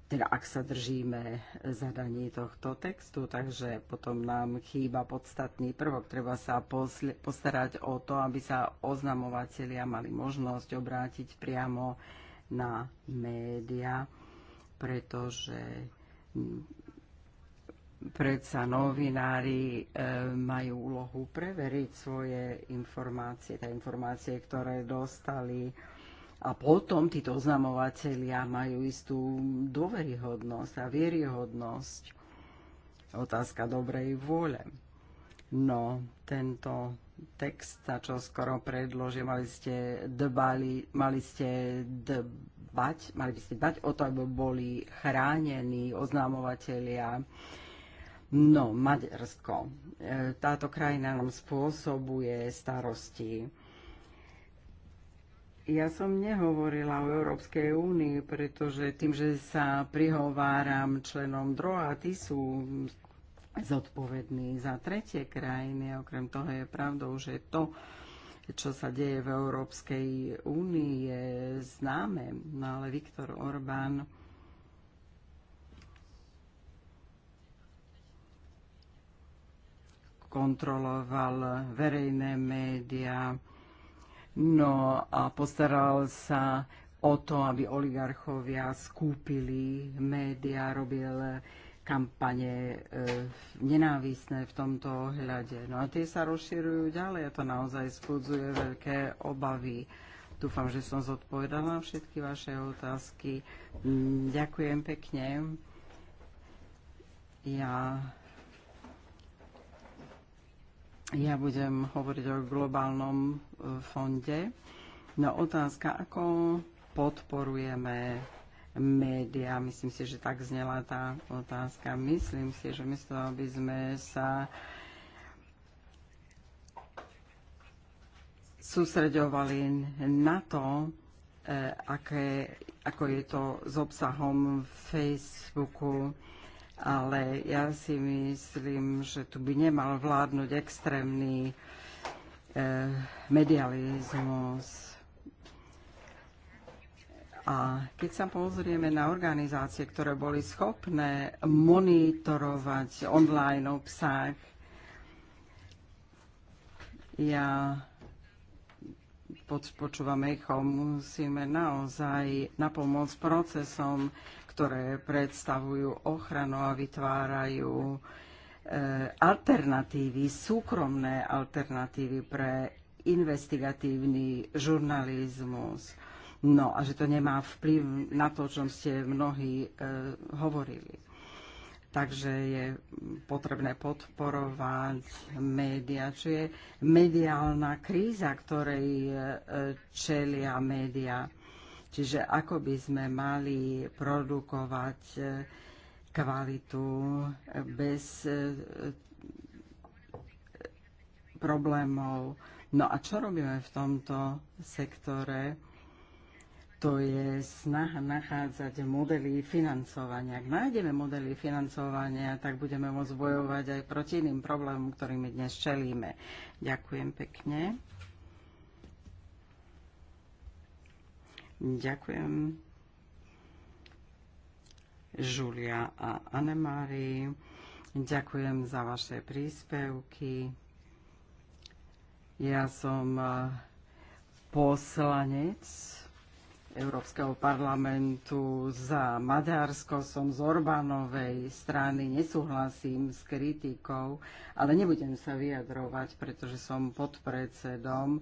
teda ak sa držíme zadaní tohto textu, takže potom nám chýba podstatný prvok. Treba sa postarať o to, aby sa oznamovatelia mali možnosť obrátiť priamo na média, pretože predsa novinári eh, majú úlohu preveriť svoje informácie, tie informácie, ktoré dostali. A potom títo oznamovateľia majú istú dôveryhodnosť a vieryhodnosť. Otázka dobrej vôle. No, tento text, na čo skoro predložil, mali ste, dbali, mali ste dbať, mali by ste dbať o to, aby boli chránení oznamovateľia No, Maďarsko. E, táto krajina nám spôsobuje starosti. Ja som nehovorila o Európskej únii, pretože tým, že sa prihováram členom DROA, tí sú zodpovední za tretie krajiny. Okrem toho je pravdou, že to, čo sa deje v Európskej únii, je známe. No ale Viktor Orbán kontroloval verejné médiá, no a postaral sa o to, aby oligarchovia skúpili médiá, robil kampane e, nenávisné v tomto ohľade. No a tie sa rozširujú ďalej a to naozaj spudzuje veľké obavy. Dúfam, že som zodpovedala na všetky vaše otázky. Mm, ďakujem pekne. Ja ja budem hovoriť o globálnom e, fonde. No otázka, ako podporujeme médiá. Myslím si, že tak znela tá otázka. Myslím si, že my miesto, aby sme sa sústreďovali na to, e, aké, ako je to s obsahom Facebooku, ale ja si myslím, že tu by nemal vládnuť extrémny eh, medializmus. A keď sa pozrieme na organizácie, ktoré boli schopné monitorovať online obsah, ja počúvam echo, musíme naozaj napomôcť procesom ktoré predstavujú ochranu a vytvárajú e, alternatívy, súkromné alternatívy pre investigatívny žurnalizmus. No a že to nemá vplyv na to, o čom ste mnohí e, hovorili. Takže je potrebné podporovať média, čo je mediálna kríza, ktorej e, čelia média. Čiže ako by sme mali produkovať e, kvalitu e, bez e, problémov. No a čo robíme v tomto sektore? To je snaha nachádzať modely financovania. Ak nájdeme modely financovania, tak budeme môcť bojovať aj proti iným problémom, ktorými dnes čelíme. Ďakujem pekne. Ďakujem. Žulia a Anemári, ďakujem za vaše príspevky. Ja som e, poslanec Európskeho parlamentu za Maďarsko, som z Orbánovej strany, nesúhlasím s kritikou, ale nebudem sa vyjadrovať, pretože som podpredsedom e,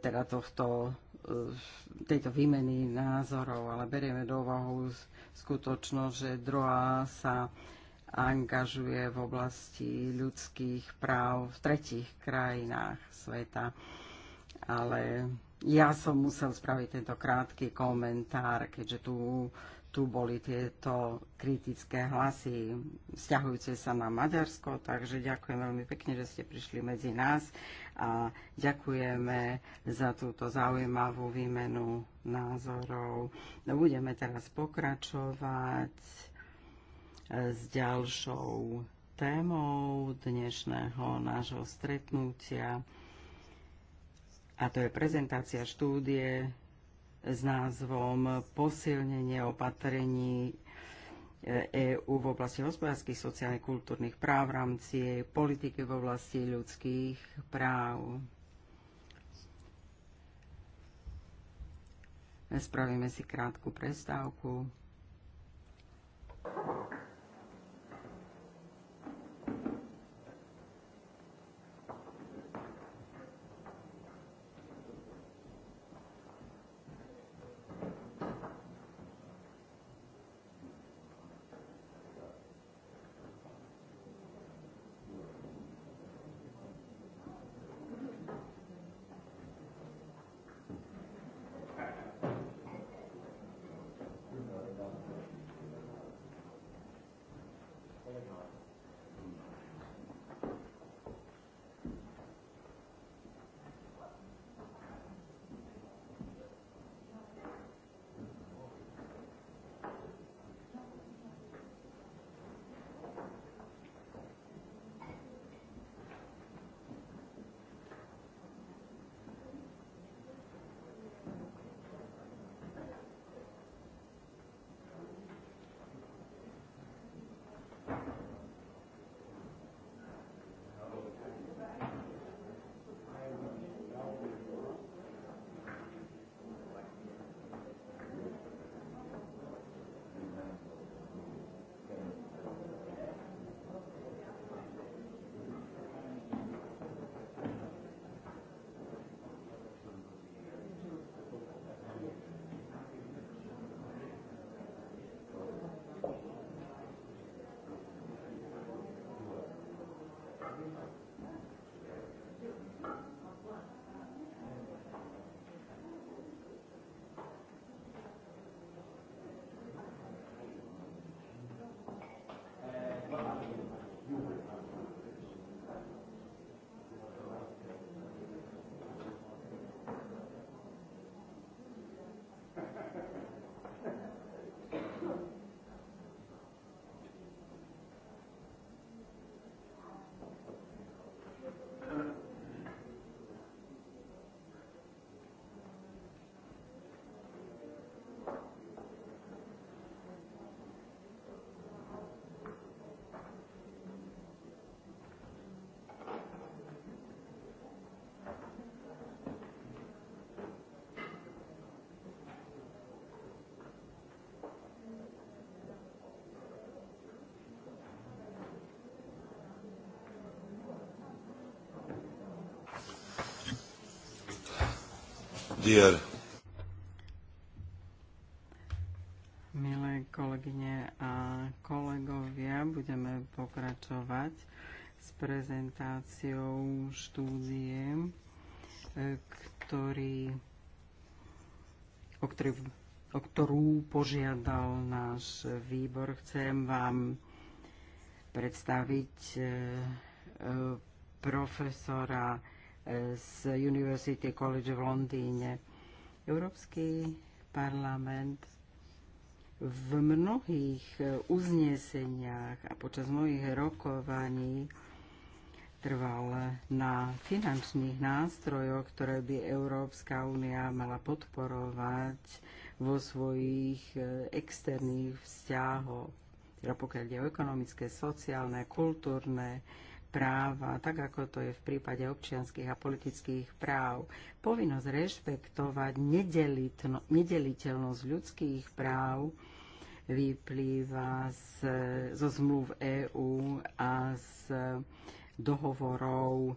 teda tohto E, tejto výmeny názorov, ale berieme do úvahu skutočnosť, že Droa sa angažuje v oblasti ľudských práv v tretích krajinách sveta. Ale ja som musel spraviť tento krátky komentár, keďže tu tu boli tieto kritické hlasy vzťahujúce sa na Maďarsko, takže ďakujem veľmi pekne, že ste prišli medzi nás a ďakujeme za túto zaujímavú výmenu názorov. No, budeme teraz pokračovať e, s ďalšou témou dnešného nášho stretnutia a to je prezentácia štúdie s názvom Posilnenie opatrení EÚ e v oblasti hospodárskych, sociálnych, kultúrnych práv v rámci jej politiky v oblasti ľudských práv. Spravíme si krátku prestávku. Dier. Milé kolegyne a kolegovia, budeme pokračovať s prezentáciou štúdie, e, ktorý, o, ktorý, o ktorú požiadal náš výbor. Chcem vám predstaviť e, e, profesora z University College v Londýne. Európsky parlament v mnohých e, uzneseniach a počas mnohých rokovaní trval na finančných nástrojoch, ktoré by Európska únia mala podporovať vo svojich e, externých vzťahoch, teda pokiaľ ide o ekonomické, sociálne, kultúrne práva, tak ako to je v prípade občianských a politických práv. Povinnosť rešpektovať nedeliteľnosť ľudských práv vyplýva z, zo zmluv EÚ a z dohovorov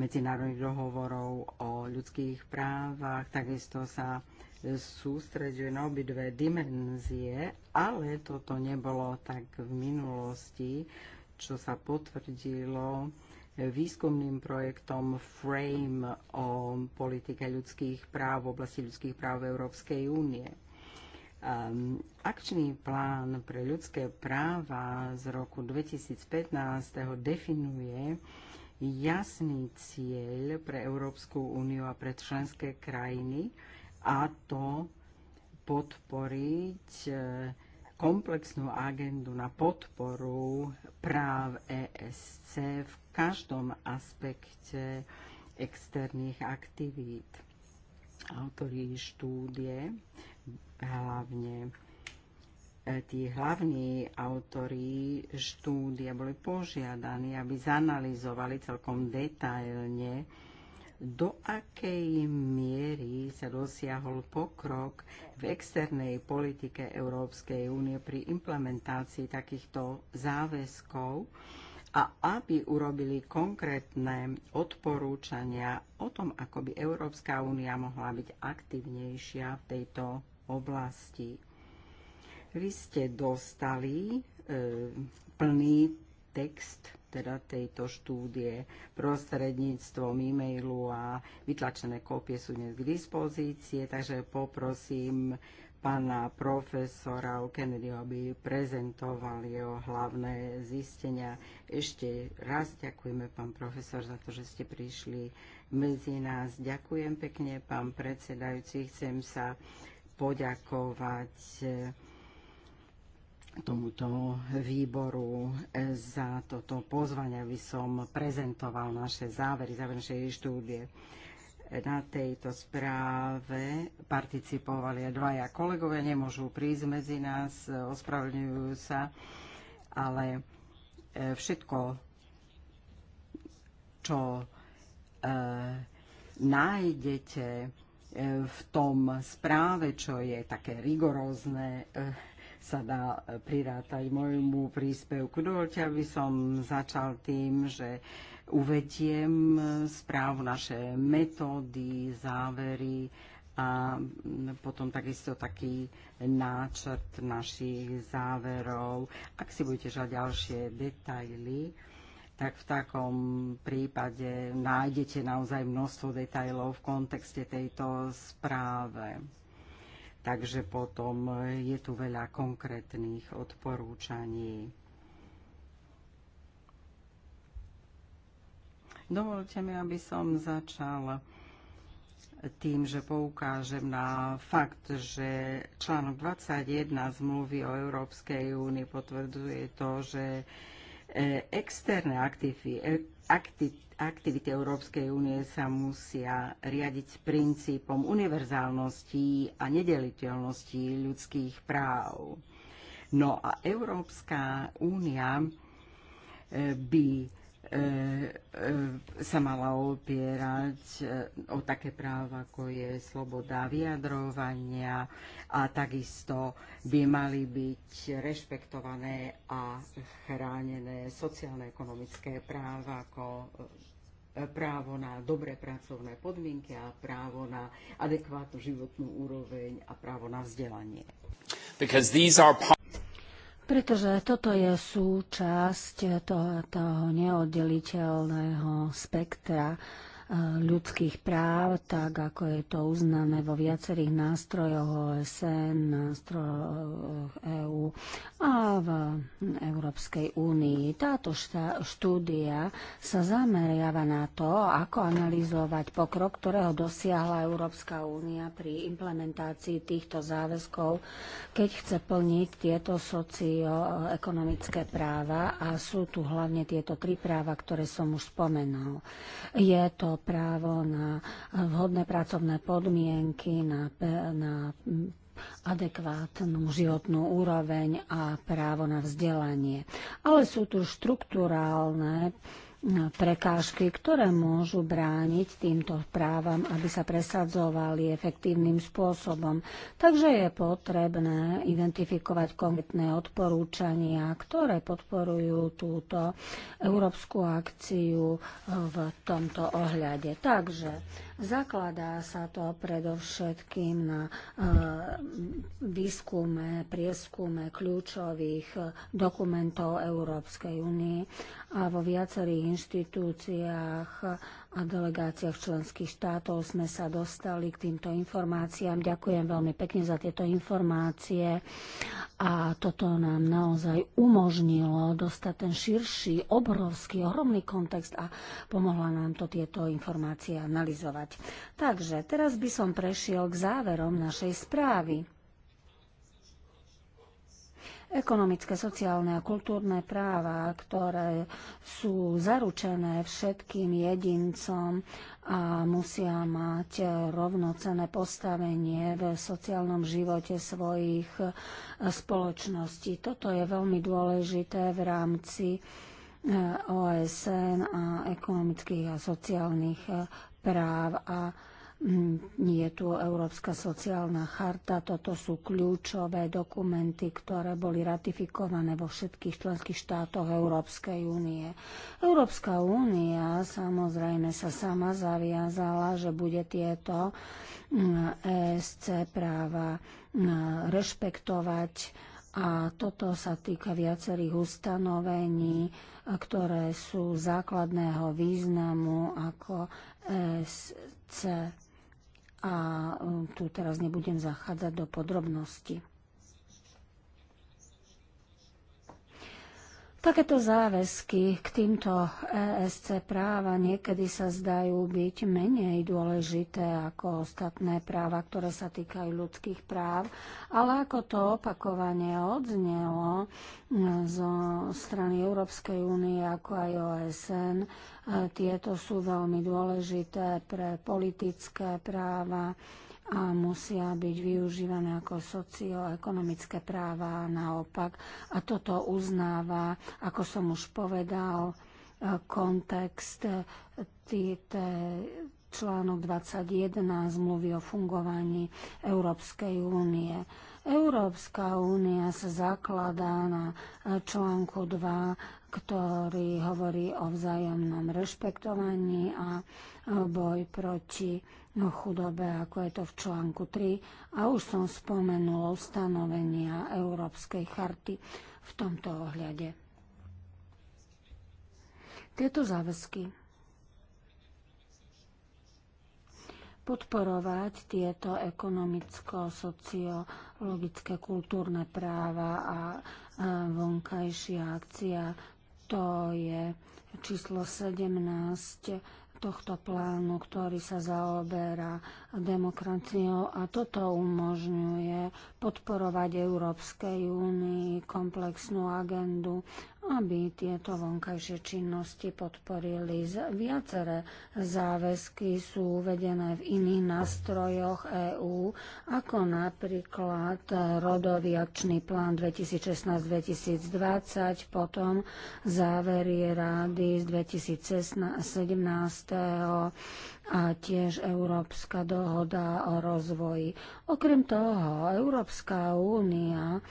medzinárodných dohovorov o ľudských právach. Takisto sa sústreďuje na obidve dimenzie, ale toto nebolo tak v minulosti čo sa potvrdilo výskumným projektom FRAME o politike ľudských práv v oblasti ľudských práv Európskej únie. Um, akčný plán pre ľudské práva z roku 2015 definuje jasný cieľ pre Európsku úniu a pre členské krajiny a to podporiť ehm, komplexnú agendu na podporu práv ESC v každom aspekte externých aktivít. Autori štúdie, hlavne e, tí hlavní autori štúdia boli požiadaní, aby zanalizovali celkom detailne do akej miery sa dosiahol pokrok v externej politike Európskej únie pri implementácii takýchto záväzkov a aby urobili konkrétne odporúčania o tom, ako by Európska únia mohla byť aktivnejšia v tejto oblasti. Vy ste dostali e, plný text teda tejto štúdie prostredníctvom e-mailu a vytlačené kópie sú dnes k dispozície, takže poprosím pána profesora Kennedyho, aby prezentoval jeho hlavné zistenia. Ešte raz ďakujeme, pán profesor, za to, že ste prišli medzi nás. Ďakujem pekne, pán predsedajúci. Chcem sa poďakovať tomuto výboru za toto pozvanie, aby som prezentoval naše závery, závery našej štúdie. Na tejto správe participovali dvaja kolegovia, nemôžu prísť medzi nás, ospravedlňujú sa, ale e, všetko, čo e, nájdete e, v tom správe, čo je také rigorózne, e, sa dá e, prirátať môjmu príspevku. Dovolte, aby som začal tým, že uvediem e, správu naše metódy, závery a potom takisto taký náčrt našich záverov. Ak si budete žať ďalšie detaily, tak v takom prípade nájdete naozaj množstvo detajlov v kontexte tejto správe Takže potom eh, je tu veľa konkrétnych odporúčaní. Dovolte mi, aby som začal tým, že poukážem na fakt, že článok 21 zmluvy o Európskej únii potvrdzuje to, že E, externé aktivity, e, aktivity Európskej únie sa musia riadiť princípom univerzálnosti a nedeliteľnosti ľudských práv. No a Európska únia e, by E, e, sa mala opierať e, o také práva, ako je sloboda vyjadrovania a takisto by mali byť rešpektované a chránené sociálne-ekonomické práva ako právo na dobré pracovné podmienky a právo na adekvátnu životnú úroveň a právo na vzdelanie. Because these are pretože toto je súčasť toho, toho neoddeliteľného spektra ľudských práv, tak ako je to uznané vo viacerých nástrojoch OSN, nástrojoch EÚ a v Európskej únii. Táto štúdia sa zameriava na to, ako analyzovať pokrok, ktorého dosiahla Európska únia pri implementácii týchto záväzkov, keď chce plniť tieto socioekonomické práva a sú tu hlavne tieto tri práva, ktoré som už spomenul. Je to právo na vhodné pracovné podmienky, na, na adekvátnu životnú úroveň a právo na vzdelanie. Ale sú tu štruktúrálne prekážky, ktoré môžu brániť týmto právam, aby sa presadzovali efektívnym spôsobom. Takže je potrebné identifikovať konkrétne odporúčania, ktoré podporujú túto európsku akciu v tomto ohľade. Takže Zakladá sa to predovšetkým na e, výskume, prieskume kľúčových e, dokumentov Európskej únie a vo viacerých inštitúciách a delegáciách členských štátov sme sa dostali k týmto informáciám. Ďakujem veľmi pekne za tieto informácie a toto nám naozaj umožnilo dostať ten širší, obrovský, ohromný kontext a pomohla nám to tieto informácie analyzovať. Takže teraz by som prešiel k záverom našej správy ekonomické, sociálne a kultúrne práva, ktoré sú zaručené všetkým jedincom a musia mať rovnocené postavenie v sociálnom živote svojich e, spoločností. Toto je veľmi dôležité v rámci e, OSN a ekonomických a sociálnych e, práv a Hm, je tu Európska sociálna charta, toto sú kľúčové dokumenty, ktoré boli ratifikované vo všetkých členských štátoch Európskej únie. Európska únia samozrejme sa sama zaviazala, že bude tieto hm, ESC práva hm, rešpektovať a toto sa týka viacerých ustanovení, ktoré sú základného významu ako ESC a um, tu teraz nebudem zachádzať do podrobnosti. Takéto záväzky k týmto ESC práva niekedy sa zdajú byť menej dôležité ako ostatné práva, ktoré sa týkajú ľudských práv, ale ako to opakovane odznelo mm, zo strany Európskej únie ako aj OSN, e, tieto sú veľmi dôležité pre politické práva, a musia byť využívané ako socioekonomické práva naopak. A toto uznáva, ako som už povedal, e, kontext e, článok 21 zmluvy o fungovaní Európskej únie. Európska únia sa zakladá na článku 2 ktorý hovorí o vzájomnom rešpektovaní a boj proti chudobe, ako je to v článku 3. A už som spomenul ustanovenia Európskej charty v tomto ohľade. Tieto záväzky podporovať tieto ekonomicko-sociologické kultúrne práva a vonkajšia akcia to je číslo 17 tohto plánu, ktorý sa zaoberá demokraciou a toto umožňuje podporovať Európskej únii komplexnú agendu aby tieto vonkajšie činnosti podporili. Viaceré záväzky sú uvedené v iných nástrojoch EÚ, ako napríklad eh, rodoviačný plán 2016-2020, potom závery rády z 2017 a tiež Európska dohoda o rozvoji. Okrem toho, Európska únia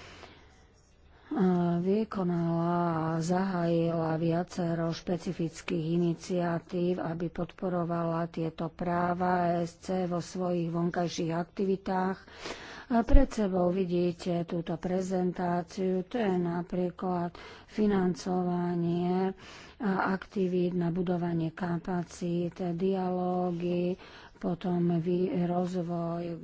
vykonala a zahájila viacero špecifických iniciatív, aby podporovala tieto práva ESC vo svojich vonkajších aktivitách. A pred sebou vidíte túto prezentáciu, to je napríklad financovanie aktivít na budovanie kapacít, dialógy potom rozvoj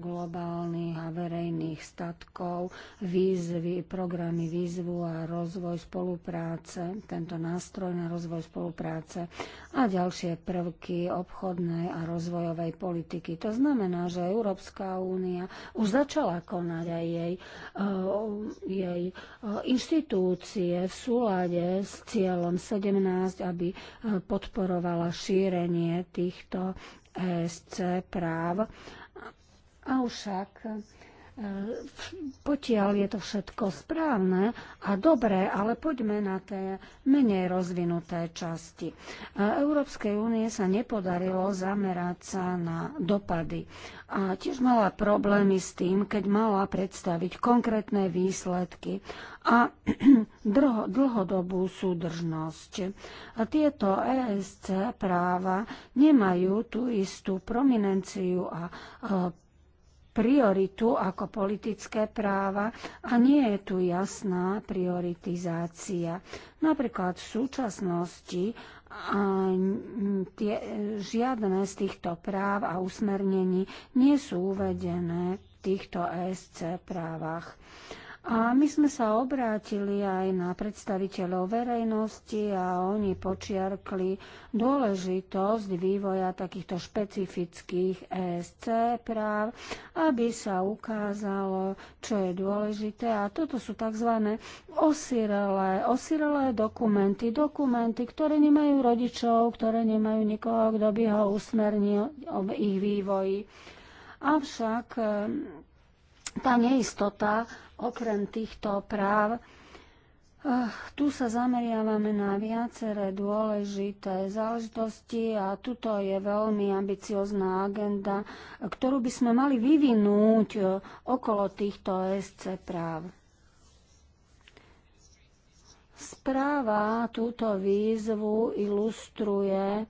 globálnych a verejných statkov, výzvy, programy výzvu a rozvoj spolupráce, tento nástroj na rozvoj spolupráce a ďalšie prvky obchodnej a rozvojovej politiky. To znamená, že Európska únia už začala konať aj jej, eh, jej eh, inštitúcie v súlade s cieľom 17, aby eh, podporovala šírenie týchto ESC práv. Avšak E, potiaľ je to všetko správne a dobré, ale poďme na tie menej rozvinuté časti. E, Európskej únie sa nepodarilo zamerať sa na dopady. A tiež mala problémy s tým, keď mala predstaviť konkrétne výsledky a dlhodobú súdržnosť. A tieto ESC práva nemajú tú istú prominenciu a e, prioritu ako politické práva a nie je tu jasná prioritizácia. Napríklad v súčasnosti a tie, žiadne z týchto práv a usmernení nie sú uvedené v týchto ESC právach. A my sme sa obrátili aj na predstaviteľov verejnosti a oni počiarkli dôležitosť vývoja takýchto špecifických ESC práv, aby sa ukázalo, čo je dôležité. A toto sú tzv. osirelé, osirelé dokumenty, dokumenty, ktoré nemajú rodičov, ktoré nemajú nikoho, kto by ho usmernil o ich vývoji. Avšak ehm, tá neistota, Okrem týchto práv eh, tu sa zameriavame na viaceré dôležité záležitosti a tuto je veľmi ambiciozná agenda, ktorú by sme mali vyvinúť eh, okolo týchto SC práv. Správa túto výzvu ilustruje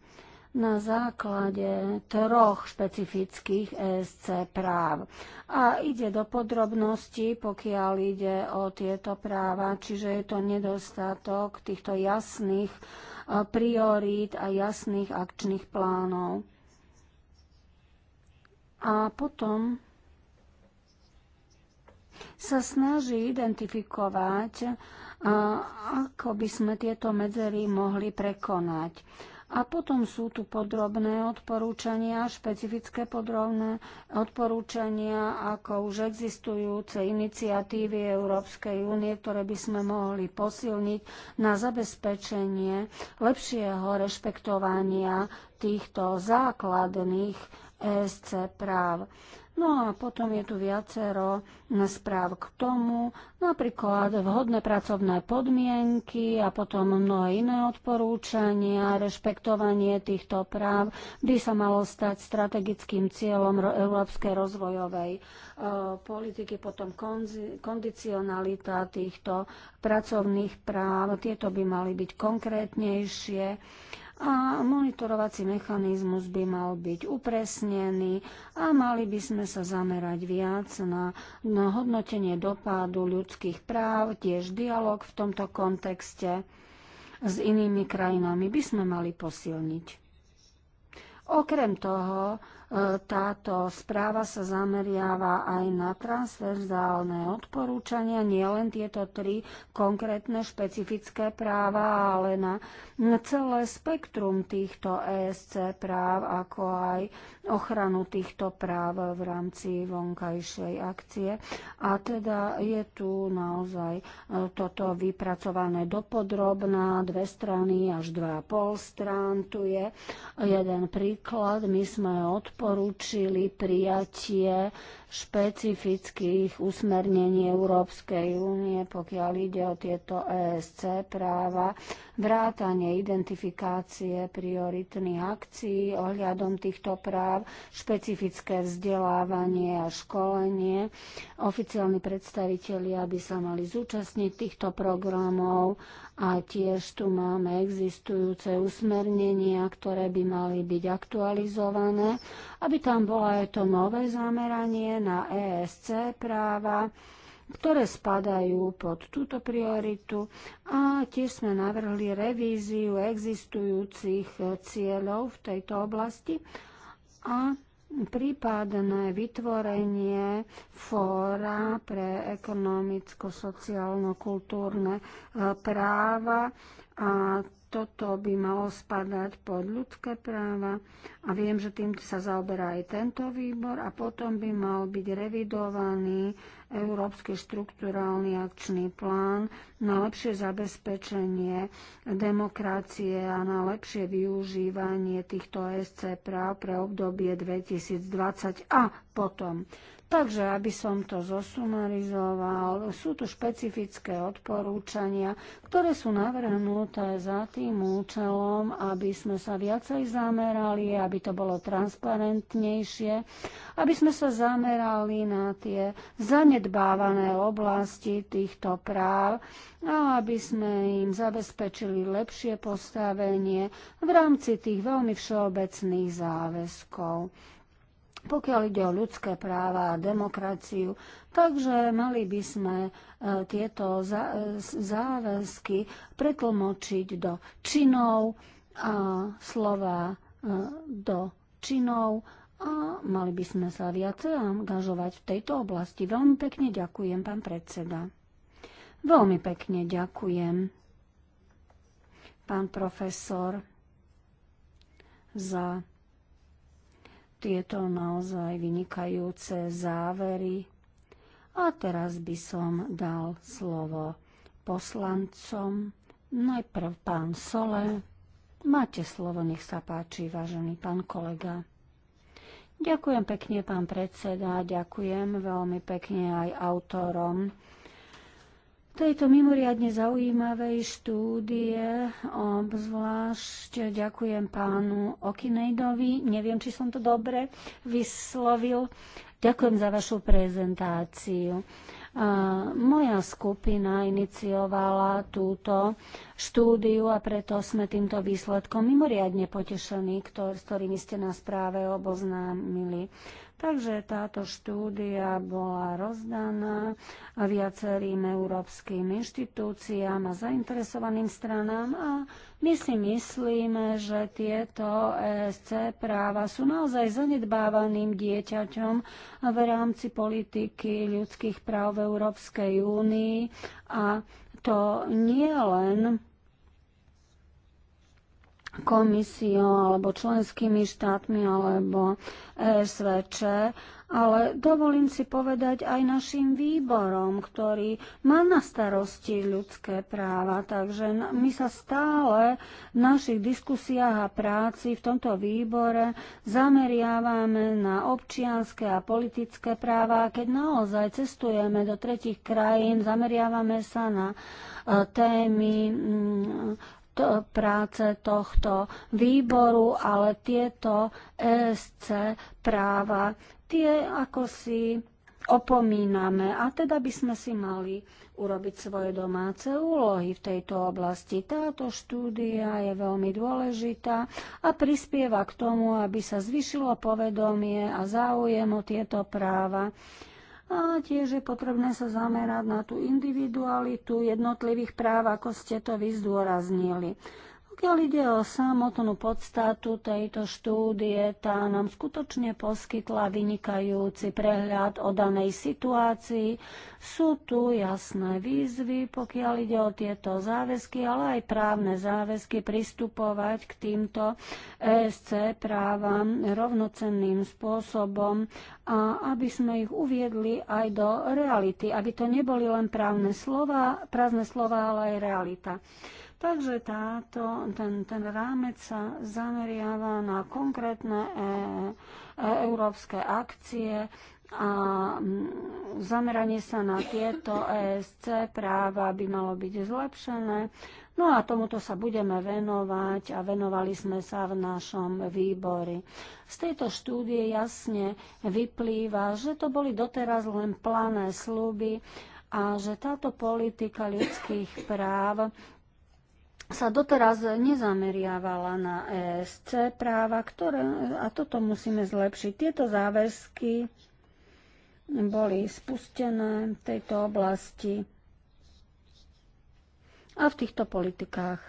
na základe troch špecifických ESC práv. A ide do podrobností, pokiaľ ide o tieto práva, čiže je to nedostatok týchto jasných e, priorít a jasných akčných plánov. A potom sa snaží identifikovať, ako by sme tieto medzery mohli prekonať. A potom sú tu podrobné odporúčania, špecifické podrobné odporúčania, ako už existujúce iniciatívy Európskej únie, ktoré by sme mohli posilniť na zabezpečenie lepšieho rešpektovania týchto základných ESC práv. No a potom je tu viacero správ k tomu, napríklad vhodné pracovné podmienky a potom mnohé iné odporúčania, rešpektovanie týchto práv by sa malo stať strategickým cieľom európskej rozvojovej e, politiky, potom kondicionalita týchto pracovných práv, tieto by mali byť konkrétnejšie a monitorovací mechanizmus by mal byť upresnený a mali by sme sa zamerať viac na, na hodnotenie dopadu ľudských práv, tiež dialog v tomto kontexte s inými krajinami by sme mali posilniť. Okrem toho, E, táto správa sa zameriava aj na transverzálne odporúčania, nielen tieto tri konkrétne špecifické práva, ale na celé spektrum týchto ESC práv, ako aj ochranu týchto práv v rámci vonkajšej akcie. A teda je tu naozaj e, toto vypracované dopodrobná, dve strany až dva a pol strán. Tu je jeden príklad. My sme odporúčali, odporúčili prijatie špecifických usmernení Európskej únie, pokiaľ ide o tieto ESC práva, vrátanie identifikácie prioritných akcií ohľadom týchto práv, špecifické vzdelávanie a školenie. Oficiálni predstavitelia by sa mali zúčastniť týchto programov a tiež tu máme existujúce usmernenia, ktoré by mali byť aktualizované, aby tam bolo aj to nové zameranie na ESC práva, ktoré spadajú pod túto prioritu a tiež sme navrhli revíziu existujúcich cieľov v tejto oblasti a prípadné vytvorenie fóra pre ekonomicko-sociálno-kultúrne e, práva a toto by malo spadať pod ľudské práva a viem, že tým sa zaoberá aj tento výbor a potom by mal byť revidovaný Európsky štruktúrálny akčný plán na lepšie zabezpečenie demokracie a na lepšie využívanie týchto SC práv pre obdobie 2020 a potom. Takže, aby som to zosumarizoval, sú tu špecifické odporúčania, ktoré sú navrhnuté za tým účelom, aby sme sa viacej zamerali, aby aby to bolo transparentnejšie, aby sme sa zamerali na tie zanedbávané oblasti týchto práv a aby sme im zabezpečili lepšie postavenie v rámci tých veľmi všeobecných záväzkov pokiaľ ide o ľudské práva a demokraciu. Takže mali by sme e, tieto e, záväzky pretlmočiť do činov a slova do činov a mali by sme sa viac angažovať v tejto oblasti. Veľmi pekne ďakujem, pán predseda. Veľmi pekne ďakujem, pán profesor, za tieto naozaj vynikajúce závery. A teraz by som dal slovo poslancom. Najprv pán Sole. Máte slovo, nech sa páči, vážený pán kolega. Ďakujem pekne, pán predseda, ďakujem veľmi pekne aj autorom tejto mimoriadne zaujímavej štúdie obzvlášť ďakujem pánu Okinejdovi. Neviem, či som to dobre vyslovil. Ďakujem za vašu prezentáciu. Moja skupina iniciovala túto štúdiu a preto sme týmto výsledkom mimoriadne potešení, ktor- s ktorými ste nás práve oboznámili. Takže táto štúdia bola rozdaná viacerým európskym inštitúciám a zainteresovaným stranám a my si myslíme, že tieto ESC práva sú naozaj zanedbávaným dieťaťom v rámci politiky ľudských práv v Európskej únii a to nie len komisiou alebo členskými štátmi alebo ESVČ, ale dovolím si povedať aj našim výborom, ktorý má na starosti ľudské práva. Takže my sa stále v našich diskusiách a práci v tomto výbore zameriavame na občianské a politické práva. A keď naozaj cestujeme do tretich krajín, zameriavame sa na e, témy práce tohto výboru, ale tieto ESC práva, tie ako si opomíname a teda by sme si mali urobiť svoje domáce úlohy v tejto oblasti. Táto štúdia je veľmi dôležitá a prispieva k tomu, aby sa zvyšilo povedomie a záujem o tieto práva a tiež je potrebné sa zamerať na tú individualitu jednotlivých práv, ako ste to vyzdôraznili. Pokiaľ ide o samotnú podstatu tejto štúdie, tá nám skutočne poskytla vynikajúci prehľad o danej situácii. Sú tu jasné výzvy, pokiaľ ide o tieto záväzky, ale aj právne záväzky pristupovať k týmto ESC právam rovnocenným spôsobom a aby sme ich uviedli aj do reality, aby to neboli len právne slova, prázdne slova, ale aj realita. Takže táto, ten, ten rámec sa zameriava na konkrétne e, e, európske akcie a mm, zameranie sa na tieto ESC práva by malo byť zlepšené. No a tomuto sa budeme venovať a venovali sme sa v našom výbore. Z tejto štúdie jasne vyplýva, že to boli doteraz len plané sluby a že táto politika ľudských práv sa doteraz nezameriavala na ESC práva, ktoré, a toto musíme zlepšiť. Tieto záväzky boli spustené v tejto oblasti a v týchto politikách.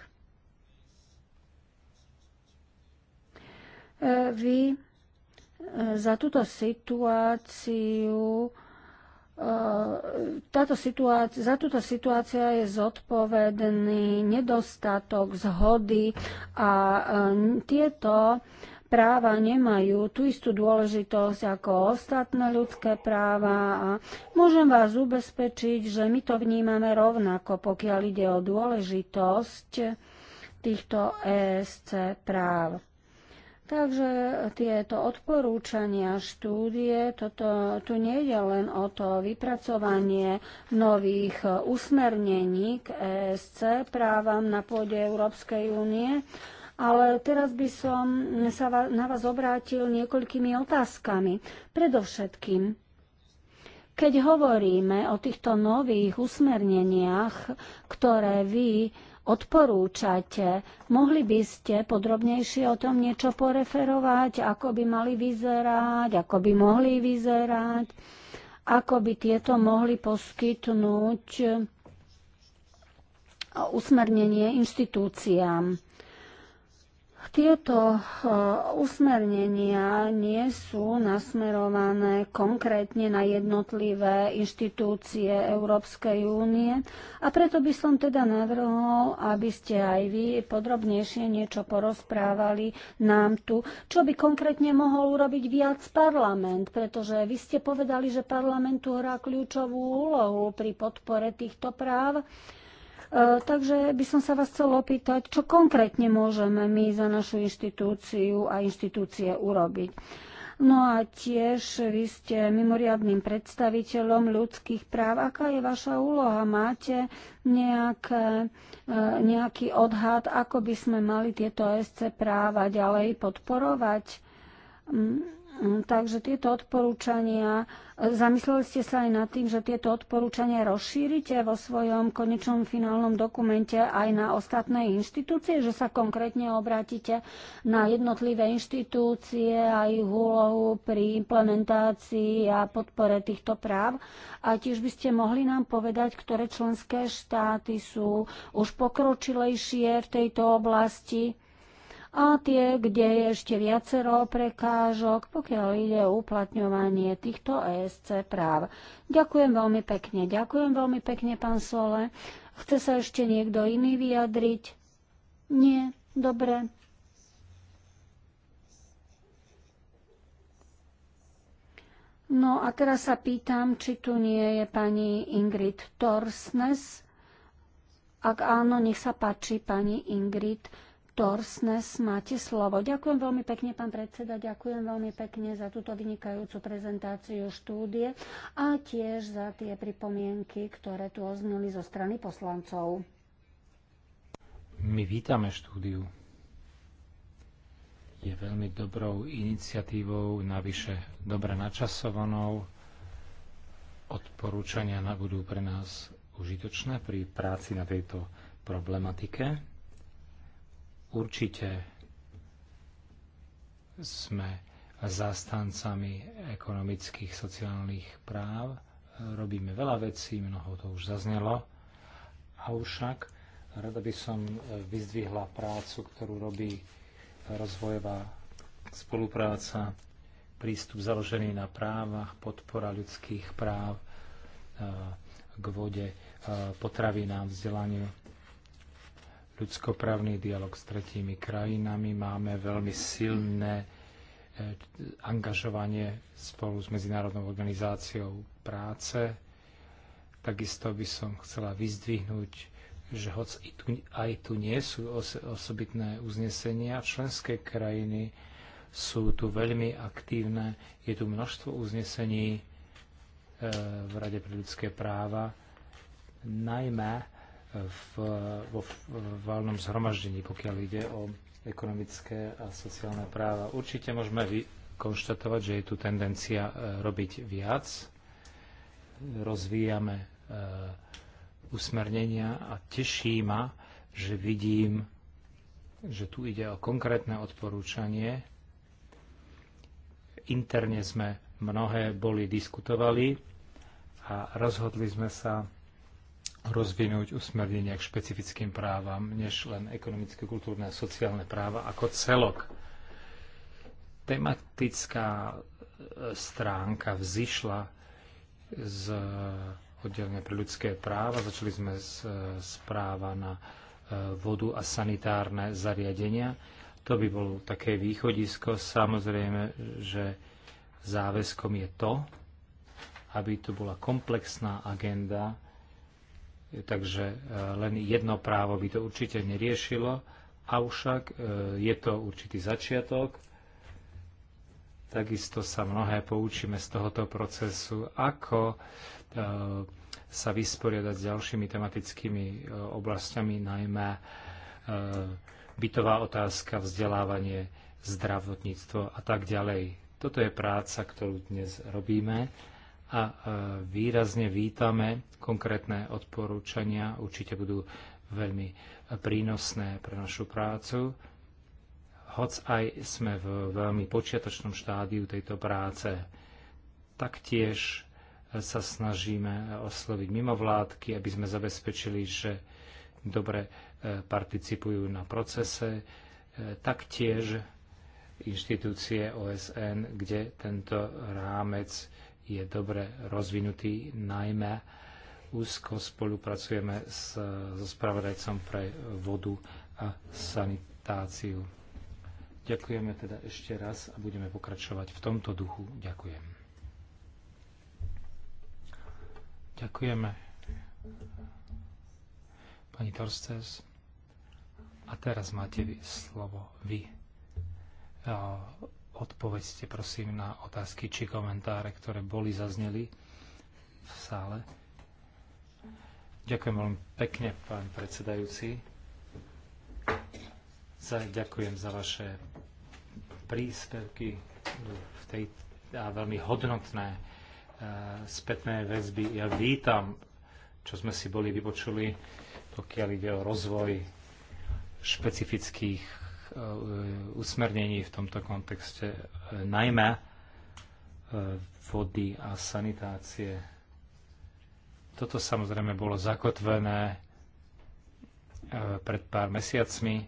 E, vy e, za túto situáciu E, táto situácia, za túto situácia je zodpovedný nedostatok zhody a e, tieto práva nemajú tú istú dôležitosť ako ostatné ľudské práva a môžem vás ubezpečiť, že my to vnímame rovnako, pokiaľ ide o dôležitosť týchto ESC práv. Takže tieto odporúčania, štúdie, toto, tu nejde len o to vypracovanie nových usmernení k ESC právam na pôde Európskej únie, ale teraz by som sa na vás obrátil niekoľkými otázkami. Predovšetkým, keď hovoríme o týchto nových usmerneniach, ktoré vy odporúčate. Mohli by ste podrobnejšie o tom niečo poreferovať, ako by mali vyzerať, ako by mohli vyzerať, ako by tieto mohli poskytnúť usmernenie inštitúciám. Tieto eh, usmernenia nie sú nasmerované konkrétne na jednotlivé inštitúcie Európskej únie a preto by som teda navrhol, aby ste aj vy podrobnejšie niečo porozprávali nám tu, čo by konkrétne mohol urobiť viac parlament, pretože vy ste povedali, že parlament tu hrá kľúčovú úlohu pri podpore týchto práv. E, takže by som sa vás chcel opýtať, čo konkrétne môžeme my za našu inštitúciu a inštitúcie urobiť. No a tiež vy ste mimoriadným predstaviteľom ľudských práv. Aká je vaša úloha? Máte nejaké, e, nejaký odhad, ako by sme mali tieto SC práva ďalej podporovať? Mm, Mm, takže tieto odporúčania, e, zamysleli ste sa aj nad tým, že tieto odporúčania rozšírite vo svojom konečnom finálnom dokumente aj na ostatné inštitúcie, že sa konkrétne obrátite na jednotlivé inštitúcie a ich úlohu pri implementácii a podpore týchto práv. A tiež by ste mohli nám povedať, ktoré členské štáty sú už pokročilejšie v tejto oblasti a tie, kde je ešte viacero prekážok, pokiaľ ide o uplatňovanie týchto ESC práv. Ďakujem veľmi pekne. Ďakujem veľmi pekne, pán Sole. Chce sa ešte niekto iný vyjadriť? Nie? Dobre. No a teraz sa pýtam, či tu nie je pani Ingrid Torsnes. Ak áno, nech sa páči, pani Ingrid. Torsnes, máte slovo. Ďakujem veľmi pekne, pán predseda, ďakujem veľmi pekne za túto vynikajúcu prezentáciu štúdie a tiež za tie pripomienky, ktoré tu oznili zo strany poslancov. My vítame štúdiu. Je veľmi dobrou iniciatívou, navyše dobre načasovanou. Odporúčania budú pre nás užitočné pri práci na tejto problematike Určite sme zastancami ekonomických, sociálnych práv. Robíme veľa vecí, mnoho to už zaznelo. Avšak rada by som vyzdvihla prácu, ktorú robí rozvojová spolupráca, prístup založený na právach, podpora ľudských práv eh, k vode, eh, potravinám, vzdelaniu ľudskoprávny dialog s tretími krajinami, máme veľmi silné e, angažovanie spolu s Medzinárodnou organizáciou práce. Takisto by som chcela vyzdvihnúť, že hoc i tu, aj tu nie sú osobitné uznesenia, členské krajiny sú tu veľmi aktívne, je tu množstvo uznesení e, v Rade pre ľudské práva, najmä v, vo valnom zhromaždení, pokiaľ ide o ekonomické a sociálne práva. Určite môžeme vy, konštatovať, že je tu tendencia e, robiť viac. Rozvíjame e, usmernenia a teší ma, že vidím, že tu ide o konkrétne odporúčanie. Interne sme mnohé boli diskutovali a rozhodli sme sa rozvinúť usmernenia k špecifickým právam, než len ekonomické, kultúrne a sociálne práva ako celok. Tematická e, stránka vzýšla z e, oddelenia pre ľudské práva. Začali sme z, z e, práva na vodu a sanitárne zariadenia. To by bolo také východisko. Samozrejme, že záväzkom je to, aby tu bola komplexná agenda takže e, len jedno právo by to určite neriešilo, avšak e, je to určitý začiatok. Takisto sa mnohé poučíme z tohoto procesu, ako e, sa vysporiadať s ďalšími tematickými oblastiami, najmä bytová otázka, vzdelávanie, zdravotníctvo a tak ďalej. Toto je práca, ktorú dnes robíme a e, výrazne vítame konkrétne odporúčania. Určite budú veľmi prínosné pre našu prácu. Hoc aj sme v veľmi počiatočnom štádiu tejto práce, taktiež sa snažíme osloviť mimovládky, aby sme zabezpečili, že dobre e, participujú na procese. E, taktiež inštitúcie OSN, kde tento rámec je dobre rozvinutý, najmä úzko spolupracujeme s, so spravodajcom pre vodu a sanitáciu. Ďakujeme teda ešte raz a budeme pokračovať v tomto duchu. Ďakujem. Ďakujeme. Pani Torstes, a teraz máte vy slovo vy odpovedzte prosím na otázky či komentáre, ktoré boli zazneli v sále. Ďakujem veľmi pekne, pán predsedajúci. Za, ďakujem za vaše príspevky v tej, a veľmi hodnotné e, spätné väzby. Ja vítam, čo sme si boli vypočuli, pokiaľ ide o rozvoj špecifických Eh, usmernení v tomto kontexte, eh, najmä eh, vody a sanitácie. Toto samozrejme bolo zakotvené pred pár mesiacmi.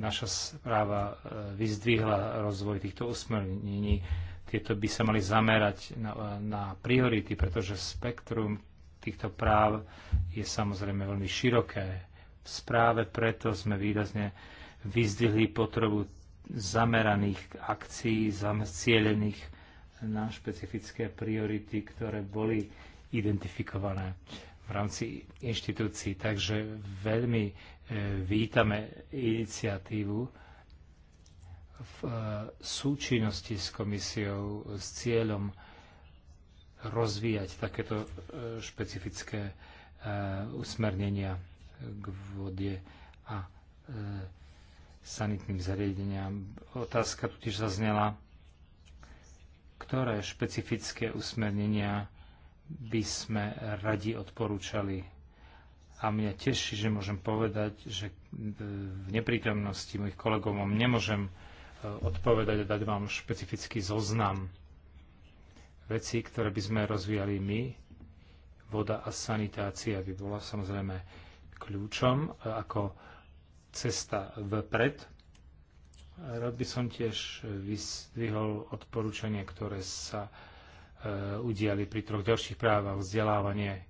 Naša správa vyzdvihla rozvoj týchto usmernení. Tieto by sa mali zamerať na, na priority, pretože spektrum týchto práv je samozrejme veľmi široké správe preto sme výrazne vyzdvihli potrebu zameraných akcií, cieľených na špecifické priority, ktoré boli identifikované v rámci inštitúcií. Takže veľmi e, vítame iniciatívu v e, súčinnosti s komisiou s cieľom rozvíjať takéto e, špecifické usmernenia k vode a e, sanitným zariadeniam. Otázka tu tiež zaznela, ktoré špecifické usmernenia by sme radi odporúčali. A mňa teší, že môžem povedať, že e, v neprítomnosti mojich kolegov vám nemôžem e, odpovedať a dať vám špecifický zoznam veci, ktoré by sme rozvíjali my. Voda a sanitácia by bola samozrejme kľúčom e, ako cesta vpred. Rád by som tiež e, vyzdvihol odporúčanie, ktoré sa e, udiali pri troch ďalších právach vzdelávanie,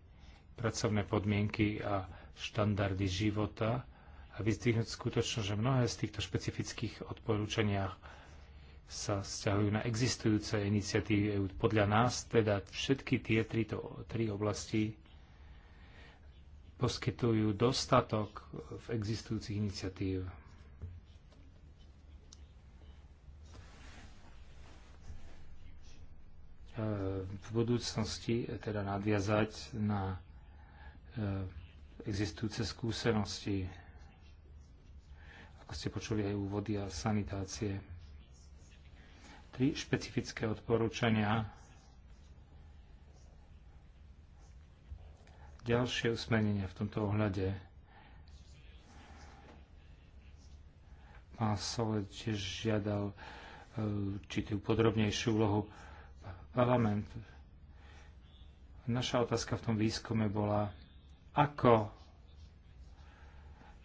pracovné podmienky a štandardy života a vyzdvihnúť skutočnosť, že mnohé z týchto špecifických odporúčaniach sa vzťahujú na existujúce iniciatívy EU. Podľa nás teda všetky tie tri, to, tri oblasti poskytujú dostatok v existujúcich iniciatív. E, v budúcnosti e, teda nadviazať na e, existujúce skúsenosti, ako ste počuli aj úvody a sanitácie. Tri špecifické odporúčania ďalšie usmernenia v tomto ohľade. Pán Sole tiež žiadal e, určitú podrobnejšiu úlohu parlament. Naša otázka v tom výskume bola, ako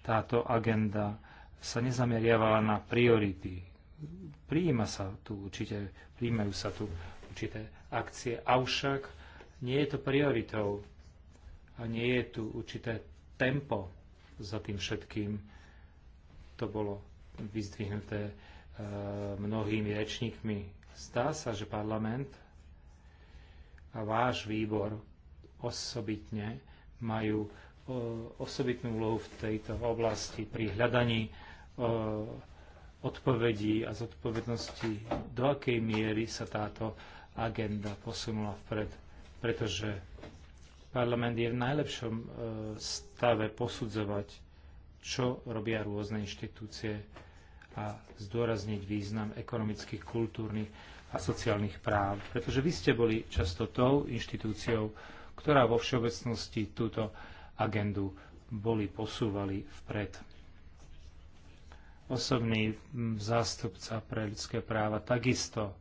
táto agenda sa nezameriavala na priority. Prijíma sa tu určite, prijímajú sa tu určité akcie, avšak nie je to prioritou a nie je tu určité tempo za tým všetkým. To bolo vyzdvihnuté e, mnohými rečníkmi. Zdá sa, že parlament a váš výbor osobitne majú e, osobitnú úlohu v tejto oblasti pri hľadaní e, odpovedí a zodpovednosti, do akej miery sa táto agenda posunula vpred, pretože Parlament je v najlepšom e, stave posudzovať, čo robia rôzne inštitúcie a zdôrazniť význam ekonomických, kultúrnych a sociálnych práv. Pretože vy ste boli často tou inštitúciou, ktorá vo všeobecnosti túto agendu boli posúvali vpred. Osobný zástupca pre ľudské práva takisto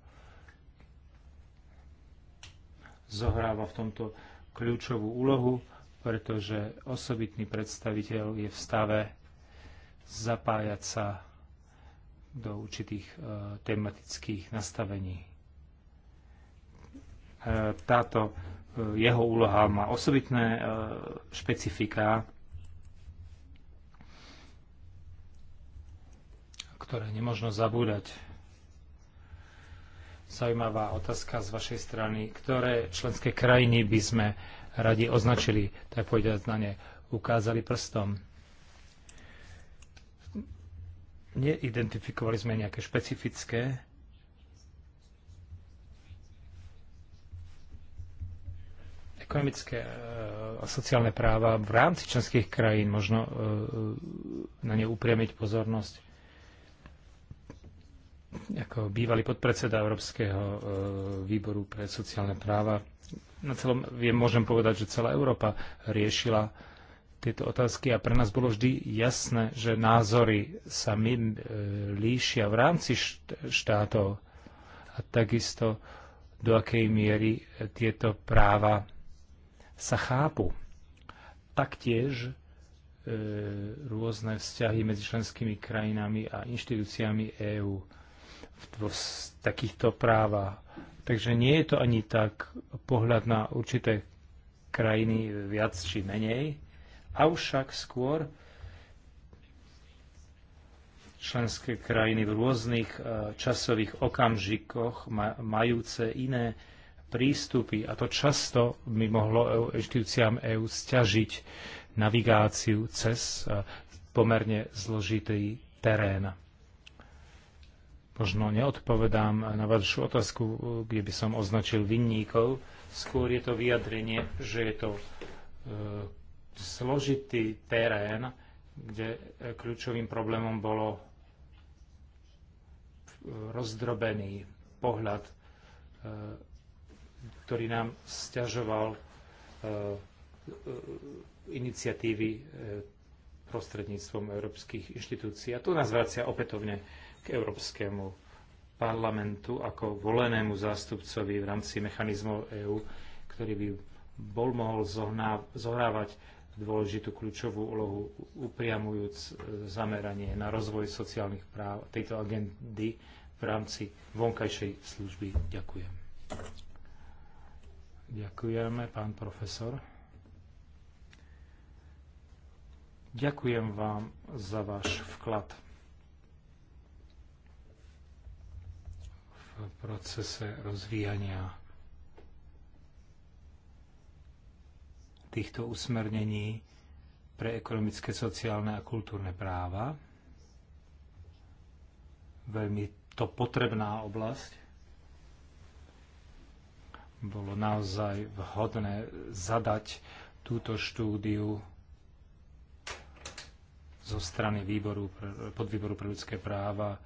zohráva v tomto kľúčovú úlohu, pretože osobitný predstaviteľ je v stave zapájať sa do určitých e, tematických nastavení. E, táto e, jeho úloha má osobitné špecifiká, ktoré nemožno zabúdať Zaujímavá otázka z vašej strany. Ktoré členské krajiny by sme radi označili, tak povedať na ne, ukázali prstom? Neidentifikovali sme nejaké špecifické ekonomické e, a sociálne práva v rámci členských krajín možno e, e, na ne upriamiť pozornosť ako bývalý podpredseda Európskeho e, výboru pre sociálne práva, na celom, viem, môžem povedať, že celá Európa riešila tieto otázky a pre nás bolo vždy jasné, že názory sa my e, líšia v rámci štátov a takisto do akej miery tieto práva sa chápu. Taktiež e, rôzne vzťahy medzi členskými krajinami a inštitúciami EÚ v takýchto právach. Takže nie je to ani tak pohľad na určité krajiny viac či menej, avšak skôr členské krajiny v rôznych e, časových okamžikoch majúce iné prístupy a to často by mohlo inštitúciám EÚ stiažiť navigáciu cez e, pomerne zložitý terén. Možno neodpovedám na vašu otázku, kde by som označil vinníkov. Skôr je to vyjadrenie, že je to e, zložitý terén, kde kľúčovým problémom bolo rozdrobený pohľad, e, ktorý nám stiažoval e, e, iniciatívy e, prostredníctvom európskych inštitúcií. A tu nás vracia opätovne k Európskemu parlamentu ako volenému zástupcovi v rámci mechanizmov EÚ, ktorý by bol mohol zohrávať dôležitú kľúčovú úlohu upriamujúc e, zameranie na rozvoj sociálnych práv tejto agendy v rámci vonkajšej služby. Ďakujem. Ďakujeme, pán profesor. Ďakujem vám za váš vklad. procese rozvíjania týchto usmernení pre ekonomické, sociálne a kultúrne práva. Veľmi to potrebná oblasť. Bolo naozaj vhodné zadať túto štúdiu zo strany výboru, podvýboru pre ľudské práva.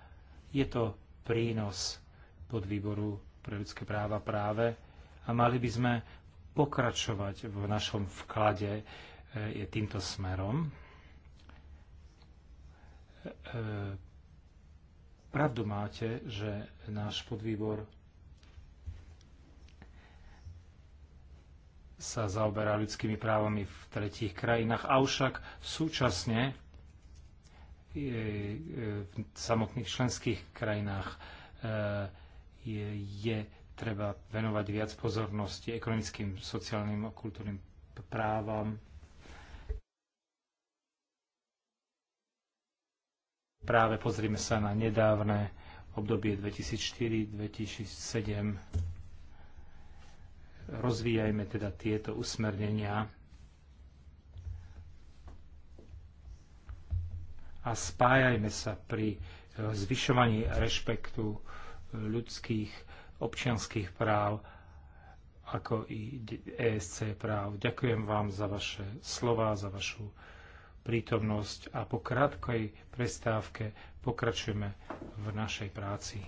Je to prínos podvýboru pre ľudské práva práve a mali by sme pokračovať v našom vklade e, je týmto smerom. E, pravdu máte, že náš podvýbor sa zaoberá ľudskými právami v tretích krajinách, avšak súčasne e, v samotných členských krajinách je, je treba venovať viac pozornosti ekonomickým, sociálnym a kultúrnym právam. Práve pozrime sa na nedávne obdobie 2004-2007. Rozvíjajme teda tieto usmernenia a spájajme sa pri zvyšovaní rešpektu ľudských občianských práv, ako i ESC práv. Ďakujem vám za vaše slova, za vašu prítomnosť a po krátkej prestávke pokračujeme v našej práci.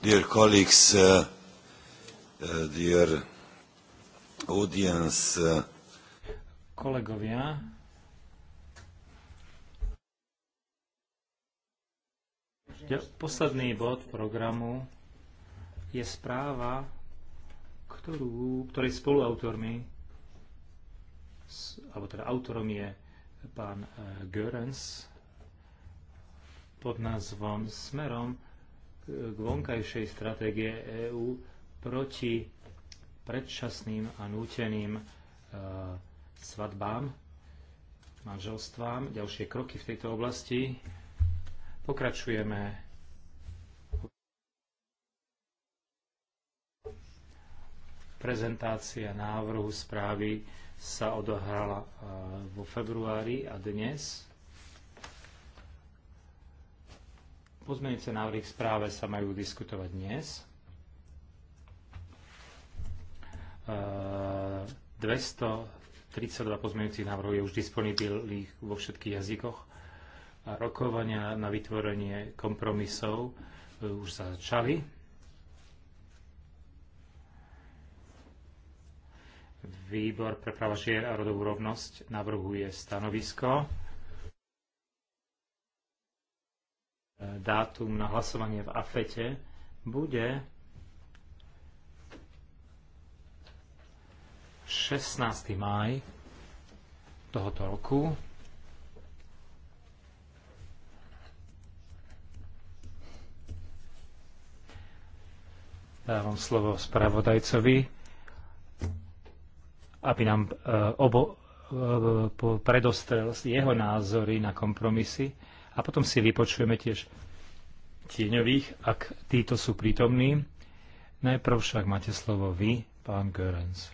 Dear colleagues, uh, uh, dear audience, uh... kolegovia, Posledný bod programu je správa, ktorú, ktorej spoluautormi, alebo teda autorom je pán uh, Görens pod názvom Smerom k vonkajšej stratégie EÚ proti predčasným a núteným e, svadbám, manželstvám, ďalšie kroky v tejto oblasti. Pokračujeme prezentácia návrhu správy sa odohrala e, vo februári a dnes Pozmeňujúce návrhy v správe sa majú diskutovať dnes. 232 e, pozmeňujúcich návrhov je už disponibilných vo všetkých jazykoch rokovania na vytvorenie kompromisov e, už začali. Výbor pre práva žier a rodovú rovnosť navrhuje stanovisko. dátum na hlasovanie v AFETE bude 16. máj tohoto roku. Dávam slovo spravodajcovi, aby nám eh, obo, eh, predostrel jeho názory na kompromisy a potom si vypočujeme tiež tieňových, ak títo sú prítomní. Najprv však máte slovo vy, pán Görens.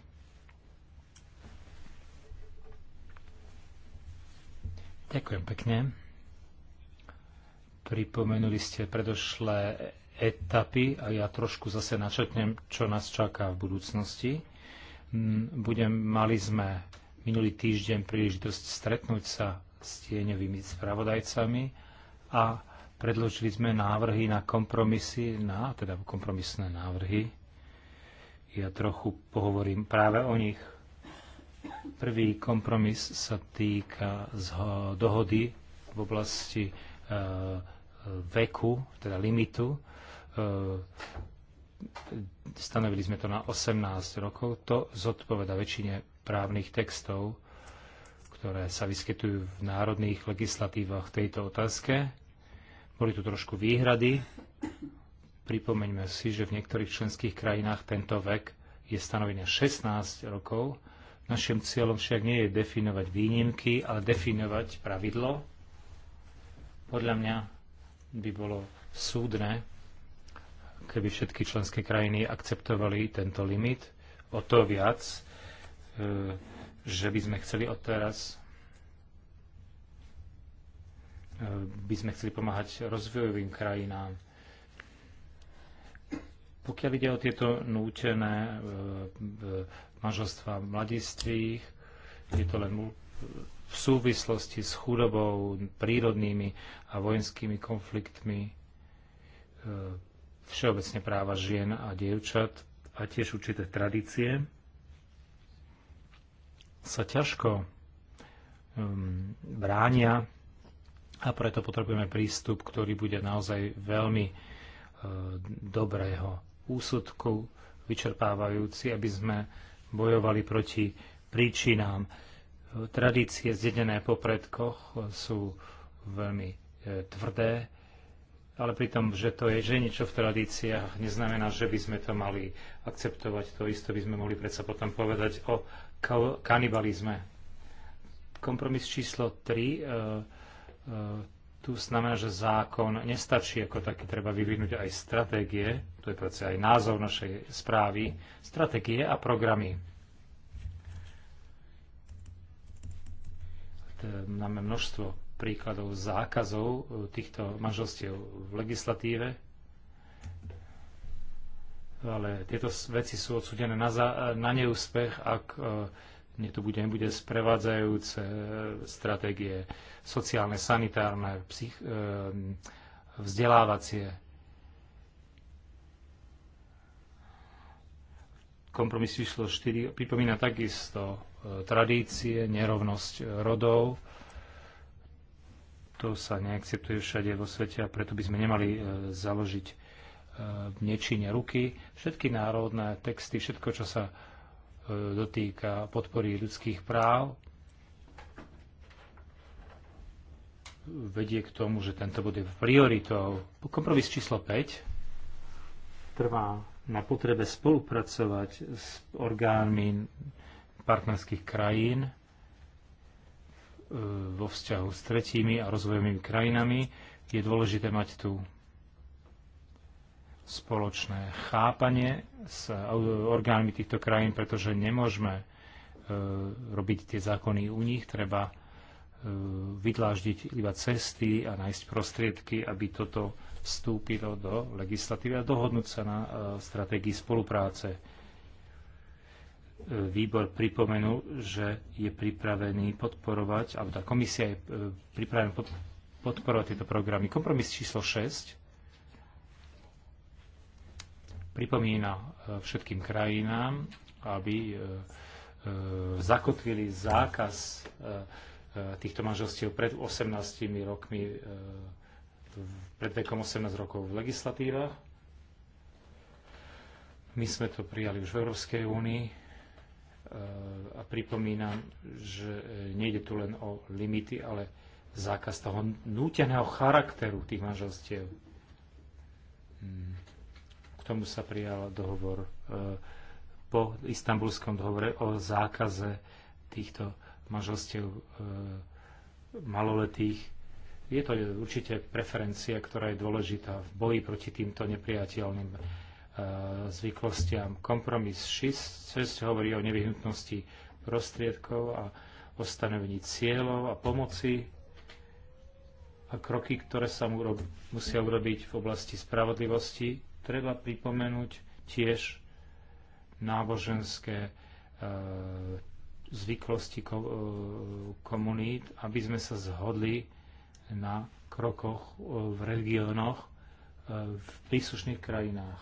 Ďakujem pekne. Pripomenuli ste predošlé etapy a ja trošku zase načetnem, čo nás čaká v budúcnosti. Mm, budem, mali sme minulý týždeň príležitosť stretnúť sa s tieňovými spravodajcami a predložili sme návrhy na kompromisy, na, teda kompromisné návrhy. Ja trochu pohovorím práve o nich. Prvý kompromis sa týka dohody v oblasti e, veku, teda limitu. E, stanovili sme to na 18 rokov. To zodpoveda väčšine právnych textov ktoré sa vyskytujú v národných legislatívach v tejto otázke. Boli tu trošku výhrady. Pripomeňme si, že v niektorých členských krajinách tento vek je stanovený 16 rokov. Našim cieľom však nie je definovať výnimky, ale definovať pravidlo. Podľa mňa by bolo súdne, keby všetky členské krajiny akceptovali tento limit. O to viac, e že by sme chceli odteraz e, by sme chceli pomáhať rozvojovým krajinám. Pokiaľ ide o tieto nútené e, e, manželstva mladistvých, je to len v súvislosti s chudobou, prírodnými a vojenskými konfliktmi, všeobecne práva žien a dievčat a tiež určité tradície sa ťažko um, bránia a preto potrebujeme prístup, ktorý bude naozaj veľmi uh, dobrého úsudku, vyčerpávajúci, aby sme bojovali proti príčinám. Tradície zdedené po predkoch sú veľmi e, tvrdé, ale pritom, že to je, že niečo v tradíciách, neznamená, že by sme to mali akceptovať. To isto by sme mohli predsa potom povedať o kanibalizme. Kompromis číslo 3 e, e, tu znamená, že zákon nestačí ako taký, treba vyvinúť aj stratégie, to je proste aj názov našej správy, stratégie a programy. Máme množstvo príkladov zákazov e, týchto manželstiev v legislatíve ale tieto veci sú odsudené na, za, na neúspech, ak e, nie to bude, nebude sprevádzajúce e, stratégie sociálne, sanitárne, psych, e, vzdelávacie. Kompromis vyšlo 4, pripomína takisto tradície, nerovnosť rodov. To sa neakceptuje všade vo svete a preto by sme nemali založiť v nečine ruky. Všetky národné texty, všetko, čo sa e, dotýka podpory ľudských práv, vedie k tomu, že tento bude prioritou. Kompromis číslo 5 trvá na potrebe spolupracovať s orgánmi partnerských krajín e, vo vzťahu s tretími a rozvojovými krajinami. Je dôležité mať tu spoločné chápanie s orgánmi týchto krajín, pretože nemôžeme e, robiť tie zákony u nich, treba e, vydláždiť iba cesty a nájsť prostriedky, aby toto vstúpilo do legislatívy a dohodnúť sa na e, stratégii spolupráce. Výbor pripomenul, že je pripravený podporovať, alebo tá komisia je pripravená podporovať tieto programy. Kompromis číslo 6 pripomína e, všetkým krajinám, aby e, e, zakotvili zákaz týchto manželstiev pred 18 rokmi, pred vekom 18 rokov v legislatívach. My sme to prijali už v Európskej únii a pripomínam, že nejde tu len o limity, ale zákaz toho núteného charakteru tých manželstiev. Hmm tomu sa prijal dohovor e, po istambulskom dohovore o zákaze týchto manželstiev e, maloletých. Je to určite preferencia, ktorá je dôležitá v boji proti týmto nepriateľným e, zvyklostiam. Kompromis 6, hovorí o nevyhnutnosti prostriedkov a o stanovení cieľov a pomoci a kroky, ktoré sa musia urobiť v oblasti spravodlivosti treba pripomenúť tiež náboženské e, zvyklosti ko, e, komunít, aby sme sa zhodli na krokoch e, v regiónoch, e, v príslušných krajinách.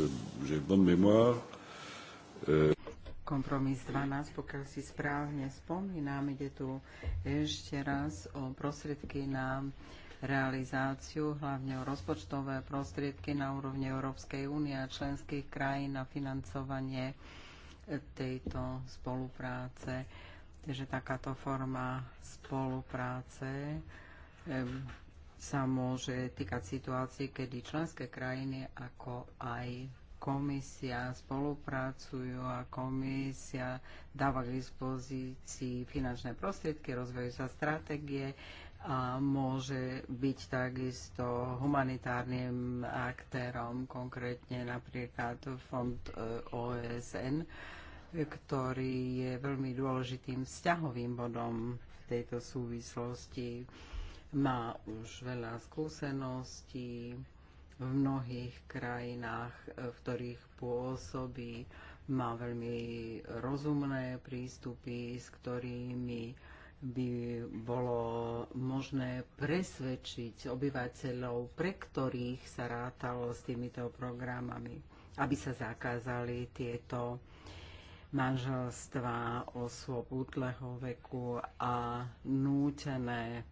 E- Kompromis 12, pokiaľ si správne spomínam, ide tu ešte raz o prostriedky na realizáciu, hlavne o rozpočtové prostriedky na úrovni Európskej únie a členských krajín na financovanie tejto spolupráce. Takže takáto forma spolupráce sa môže týkať situácií, kedy členské krajiny ako aj komisia spolupracujú a komisia dáva k dispozícii finančné prostriedky, rozvojú sa stratégie, a môže byť takisto humanitárnym aktérom, konkrétne napríklad fond e, OSN, ktorý je veľmi dôležitým vzťahovým bodom v tejto súvislosti. Má už veľa skúseností v mnohých krajinách, e, v ktorých pôsobí, má veľmi rozumné prístupy, s ktorými by bolo možné presvedčiť obyvateľov, pre ktorých sa rátalo s týmito programami, aby sa zakázali tieto manželstva osôb útleho veku a nútené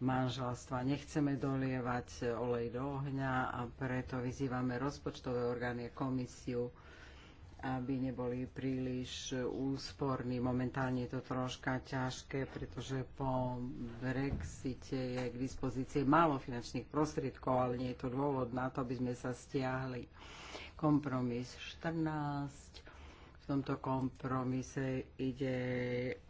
manželstva. Nechceme dolievať olej do ohňa a preto vyzývame rozpočtové orgány a komisiu, aby neboli príliš úsporní. Momentálne je to troška ťažké, pretože po Brexite je k dispozícii málo finančných prostriedkov, ale nie je to dôvod na to, aby sme sa stiahli. Kompromis 14. V tomto kompromise ide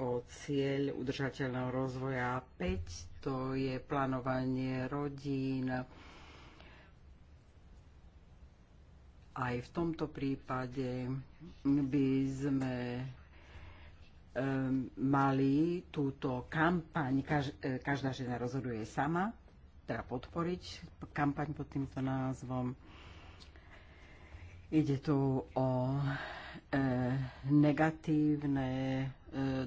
o cieľ udržateľného rozvoja 5. To je plánovanie rodín, Aj v tomto prípade by sme e, mali túto kampaň e, Každá žena rozhoduje sama, teda podporiť kampaň pod týmto názvom. Ide tu o e, negatívne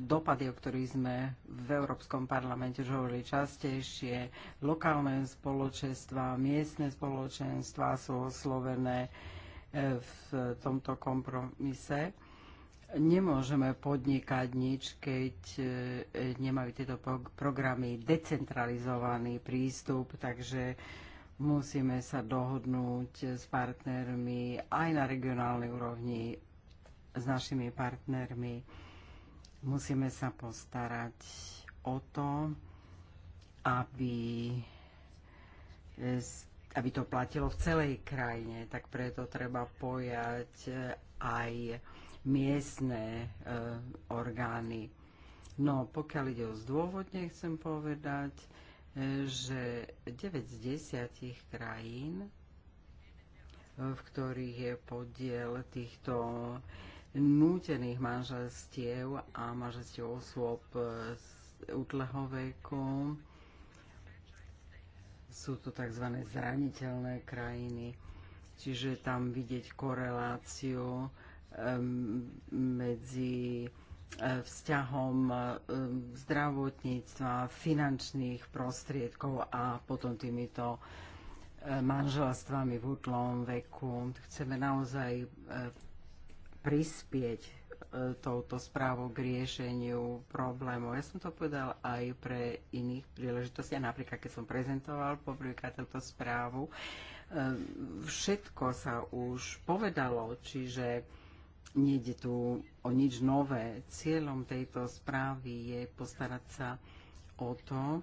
dopady, o ktorých sme v Európskom parlamente už hovorili častejšie. Lokálne spoločenstva, miestne spoločenstva sú oslovené v tomto kompromise. Nemôžeme podnikať nič, keď e, nemajú tieto programy decentralizovaný prístup, takže musíme sa dohodnúť s partnermi aj na regionálnej úrovni, s našimi partnermi. Musíme sa postarať o to, aby aby to platilo v celej krajine, tak preto treba pojať e, aj miestne e, orgány. No, pokiaľ ide o zdôvodne, chcem povedať, e, že 9 z 10 krajín, e, v ktorých je podiel týchto nútených manželstiev a manželstiev osôb z e, útleho veku, sú to tzv. zraniteľné krajiny, čiže tam vidieť koreláciu medzi e, vzťahom e, zdravotníctva, finančných prostriedkov a potom týmito e, manželstvami v útlom veku. Chceme naozaj prispieť touto správou k riešeniu problémov. Ja som to povedal aj pre iných príležitostí, napríklad keď som prezentoval poprvýkrát túto správu. E, všetko sa už povedalo, čiže nejde tu o nič nové. Cieľom tejto správy je postarať sa o to,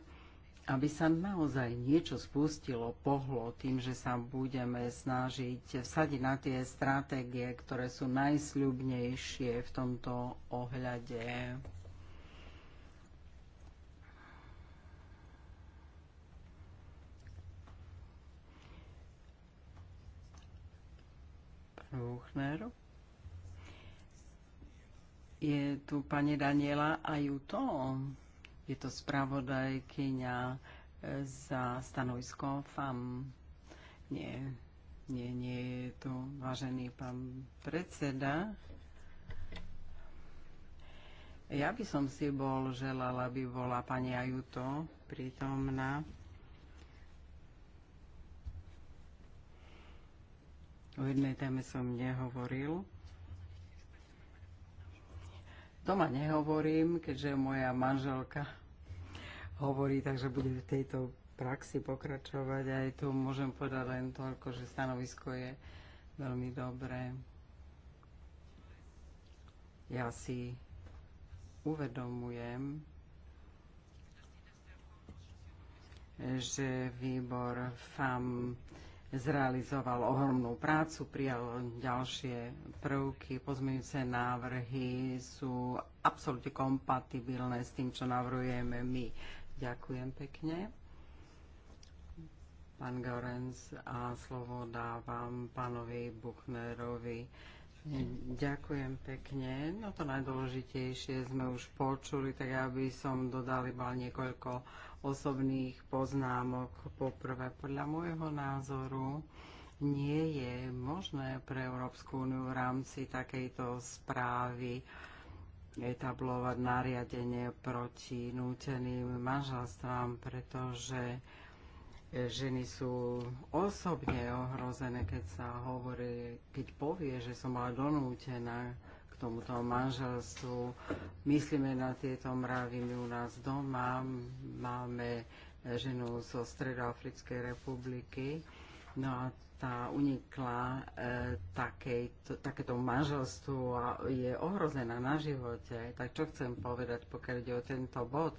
aby sa naozaj niečo spustilo, pohlo tým, že sa budeme snažiť vsadiť na tie stratégie, ktoré sú najsľubnejšie v tomto ohľade. Buchner. Je tu pani Daniela Ajuto. Je to spravodajkyňa e, za stanovisko FAM. Nie, nie, nie je tu vážený pán predseda. Ja by som si bol želala, aby bola pani Ajuto prítomná. O jednej téme som nehovoril. Doma nehovorím, keďže moja manželka hovorí, takže bude v tejto praxi pokračovať. Aj tu môžem povedať len toľko, že stanovisko je veľmi dobré. Ja si uvedomujem, že výbor FAM zrealizoval ohromnú prácu, prijal ďalšie prvky, pozmeňujúce návrhy sú absolútne kompatibilné s tým, čo navrhujeme my. Ďakujem pekne. Pán Gorenc a slovo dávam pánovi Buchnerovi. Ďakujem pekne. No to najdôležitejšie sme už počuli, tak aby som dodal iba niekoľko osobných poznámok. Poprvé, podľa môjho názoru nie je možné pre Európsku úniu v rámci takejto správy etablovať nariadenie proti núteným manželstvám, pretože e, ženy sú osobne ohrozené, keď sa hovorí, keď povie, že som bola donútená k tomuto manželstvu. Myslíme na tieto mravy my u nás doma. Máme ženu zo Stredoafrickej republiky. No a tá unikla e, takéto manželstvu a je ohrozená na živote. Tak čo chcem povedať, pokiaľ ide o tento bod,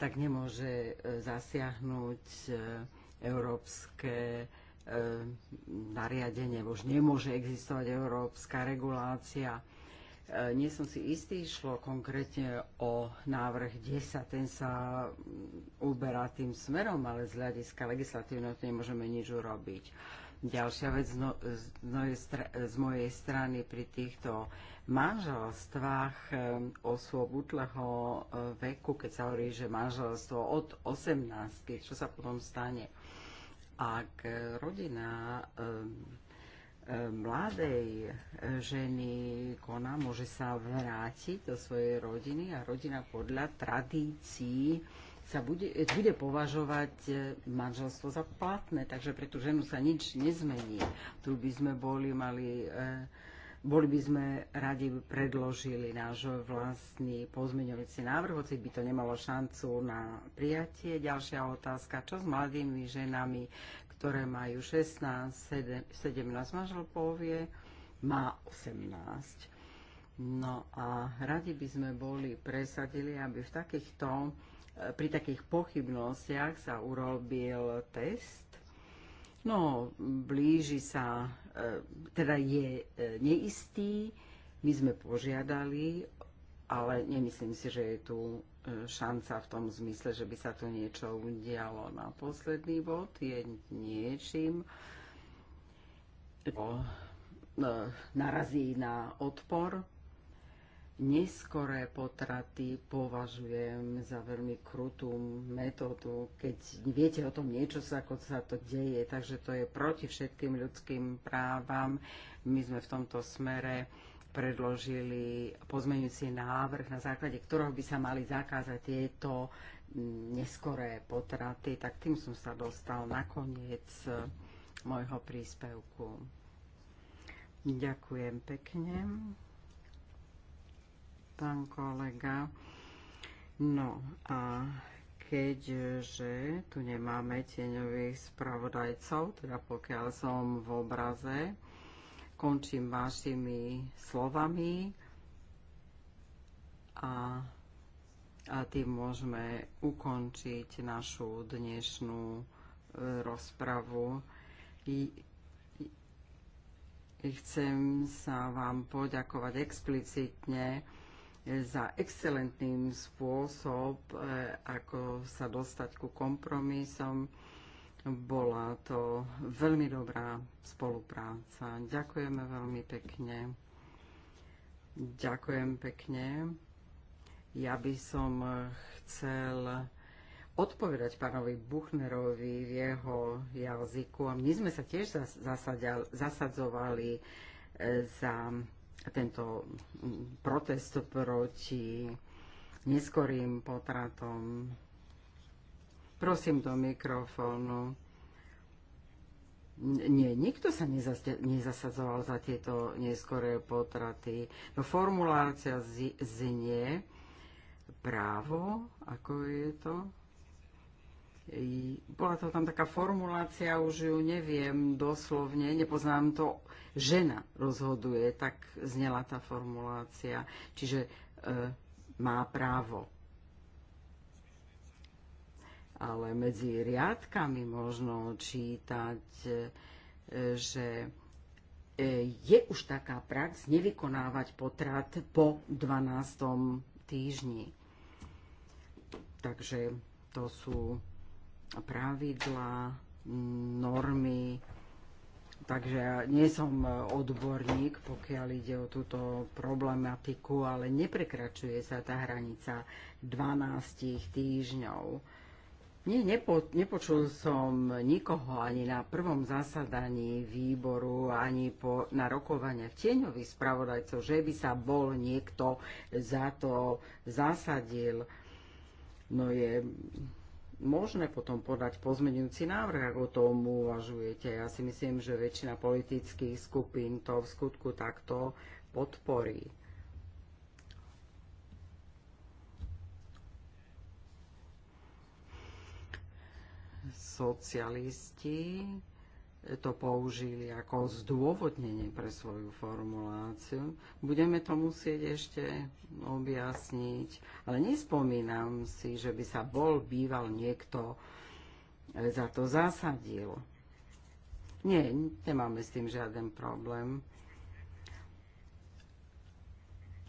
tak nemôže e, zasiahnuť e, európske e, nariadenie, už nemôže existovať európska regulácia. E, nie som si istý, šlo konkrétne o návrh 10, ten sa uberá tým smerom, ale z hľadiska legislatívneho to nemôžeme nič urobiť. Ďalšia vec z, no, z, no, z mojej strany pri týchto manželstvách e, osôb útleho e, veku, keď sa hovorí, že manželstvo od 18, čo sa potom stane? Ak rodina mladej e, ženy koná, môže sa vrátiť do svojej rodiny a rodina podľa tradícií sa bude, bude považovať e, manželstvo za platné, takže pre tú ženu sa nič nezmení. Tu by sme boli mali e, boli by sme radi predložili náš vlastný pozmeňovací návrh, hoci by to nemalo šancu na prijatie. Ďalšia otázka, čo s mladými ženami, ktoré majú 16, 7, 17 manžel povie, má 18. No a radi by sme boli presadili, aby v takýchto, e, pri takých pochybnostiach sa urobil test. No, blíži sa, e, teda je e, neistý. My sme požiadali ale nemyslím si, že je tu e, šanca v tom zmysle, že by sa tu niečo udialo. Na posledný bod je niečím, čo e, narazí na odpor. Neskoré potraty považujem za veľmi krutú metódu, keď viete o tom niečo, ako sa to deje, takže to je proti všetkým ľudským právam. My sme v tomto smere predložili pozmeňujúci návrh, na základe ktorého by sa mali zakázať tieto neskoré potraty, tak tým som sa dostal na koniec môjho príspevku. Ďakujem pekne, pán kolega. No a keďže tu nemáme tieňových spravodajcov, teda pokiaľ som v obraze, končím vašimi slovami a, a tým môžeme ukončiť našu dnešnú e, rozpravu. I, i, chcem sa vám poďakovať explicitne e, za excelentným spôsob, e, ako sa dostať ku kompromisom bola to veľmi dobrá spolupráca. Ďakujeme veľmi pekne. Ďakujem pekne. Ja by som chcel odpovedať pánovi Buchnerovi v jeho jazyku. A my sme sa tiež zasadzovali e, za tento protest proti neskorým potratom. Prosím do mikrofónu. Nie, nikto sa nezasadzoval za tieto neskoré potraty. No, formulácia znie právo, ako je to. Bola to tam taká formulácia, už ju neviem doslovne, nepoznám to. Žena rozhoduje, tak znela tá formulácia. Čiže e, má právo ale medzi riadkami možno čítať, e, že e, je už taká prax nevykonávať potrat po 12. týždni. Takže to sú pravidlá, normy, Takže ja nie som odborník, pokiaľ ide o túto problematiku, ale neprekračuje sa tá hranica 12 týždňov. Nie, nepo, nepočul som nikoho ani na prvom zasadaní výboru, ani po, na rokovaniach tieňových spravodajcov, že by sa bol niekto za to zasadil. No je možné potom podať pozmenujúci návrh, ako tomu uvažujete. Ja si myslím, že väčšina politických skupín to v skutku takto podporí. socialisti to použili ako zdôvodnenie pre svoju formuláciu. Budeme to musieť ešte objasniť, ale nespomínam si, že by sa bol býval niekto za to zasadil. Nie, nemáme s tým žiaden problém.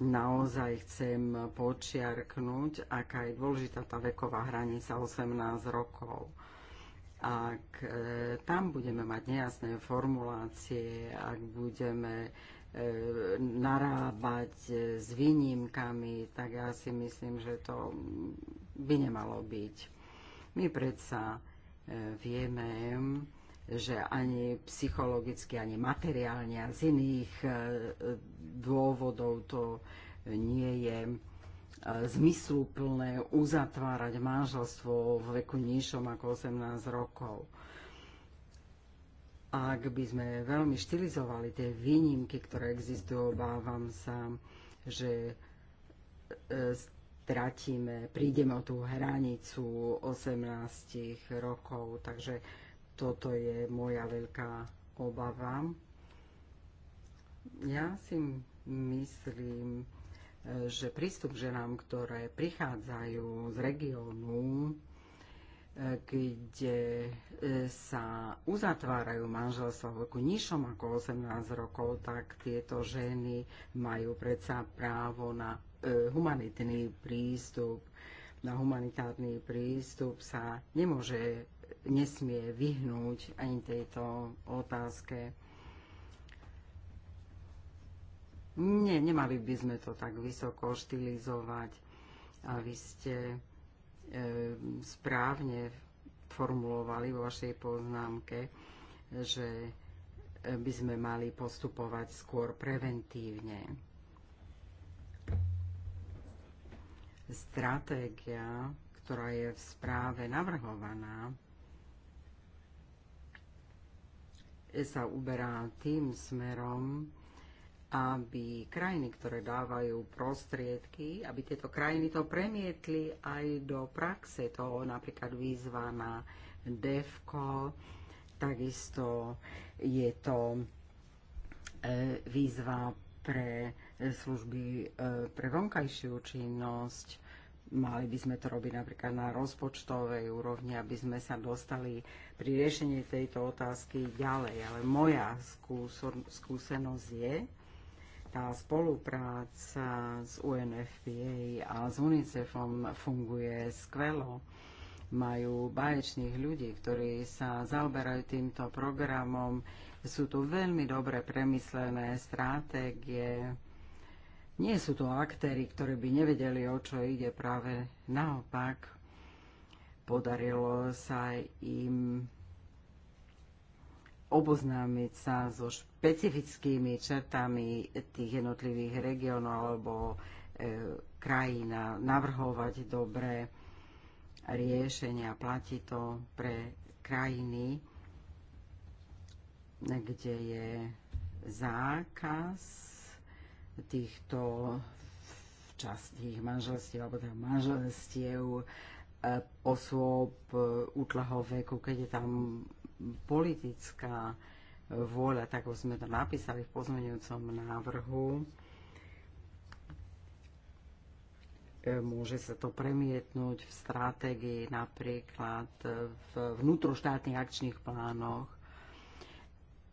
Naozaj chcem počiarknúť, aká je dôležitá tá veková hranica 18 rokov ak e, tam budeme mať nejasné formulácie, ak budeme e, narábať e, s výnimkami, tak ja si myslím, že to by nemalo byť. My predsa vieme, že ani psychologicky, ani materiálne a z iných dôvodov to nie je zmysluplné uzatvárať manželstvo v veku nižšom ako 18 rokov. Ak by sme veľmi štilizovali tie výnimky, ktoré existujú, obávam sa, že e, stratíme, prídeme o tú hranicu 18 rokov. Takže toto je moja veľká obava. Ja si myslím, že prístup k ženám, ktoré prichádzajú z regiónu, e, kde e, sa uzatvárajú manželstvo v roku nižšom ako 18 rokov, tak tieto ženy majú predsa právo na e, humanitný prístup. Na humanitárny prístup sa nemôže, nesmie vyhnúť ani tejto otázke Nie, nemali by sme to tak vysoko štilizovať. A vy ste e, správne formulovali vo vašej poznámke, že e, by sme mali postupovať skôr preventívne. Stratégia, ktorá je v správe navrhovaná, sa uberá tým smerom, aby krajiny, ktoré dávajú prostriedky, aby tieto krajiny to premietli aj do praxe. To napríklad výzva na DEFCO, takisto je to e, výzva pre služby e, pre vonkajšiu činnosť. Mali by sme to robiť napríklad na rozpočtovej úrovni, aby sme sa dostali pri riešení tejto otázky ďalej. Ale moja skúsenosť je, tá spolupráca s UNFPA a s UNICEFom funguje skvelo. Majú báječných ľudí, ktorí sa zaoberajú týmto programom. Sú tu veľmi dobre premyslené stratégie. Nie sú to aktéry, ktorí by nevedeli, o čo ide práve naopak. Podarilo sa im oboznámiť sa so špecifickými črtami tých jednotlivých regiónov alebo e, a navrhovať dobré riešenia. Platí to pre krajiny, kde je zákaz týchto včasných manželstiev alebo teda manželstiev e, osôb e, útlahov veku, keď je tam politická vôľa, tak ako sme to napísali v pozmeňujúcom návrhu, e, môže sa to premietnúť v stratégii, napríklad v vnútroštátnych akčných plánoch.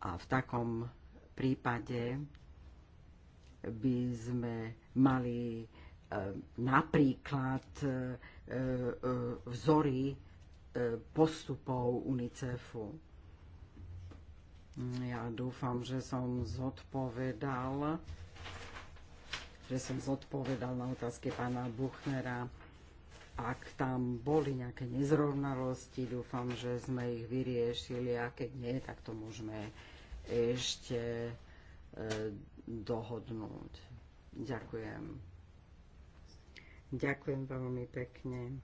A v takom prípade by sme mali e, napríklad e, vzory postupov UNICEFu. Ja dúfam, že som zodpovedal že som zodpovedal na otázky pána Buchnera. Ak tam boli nejaké nezrovnalosti, dúfam, že sme ich vyriešili a keď nie, tak to môžeme ešte e, dohodnúť. Ďakujem. Ďakujem veľmi pekne.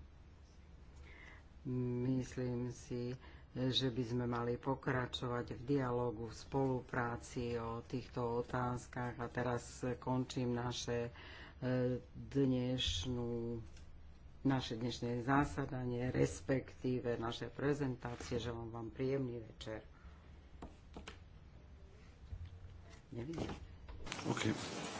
Myslím si, že by sme mali pokračovať v dialogu, v spolupráci o týchto otázkach. A teraz končím naše, e, dnešnú, naše dnešné zásadanie, respektíve naše prezentácie. Želám vám príjemný večer. Nevidím. Okay.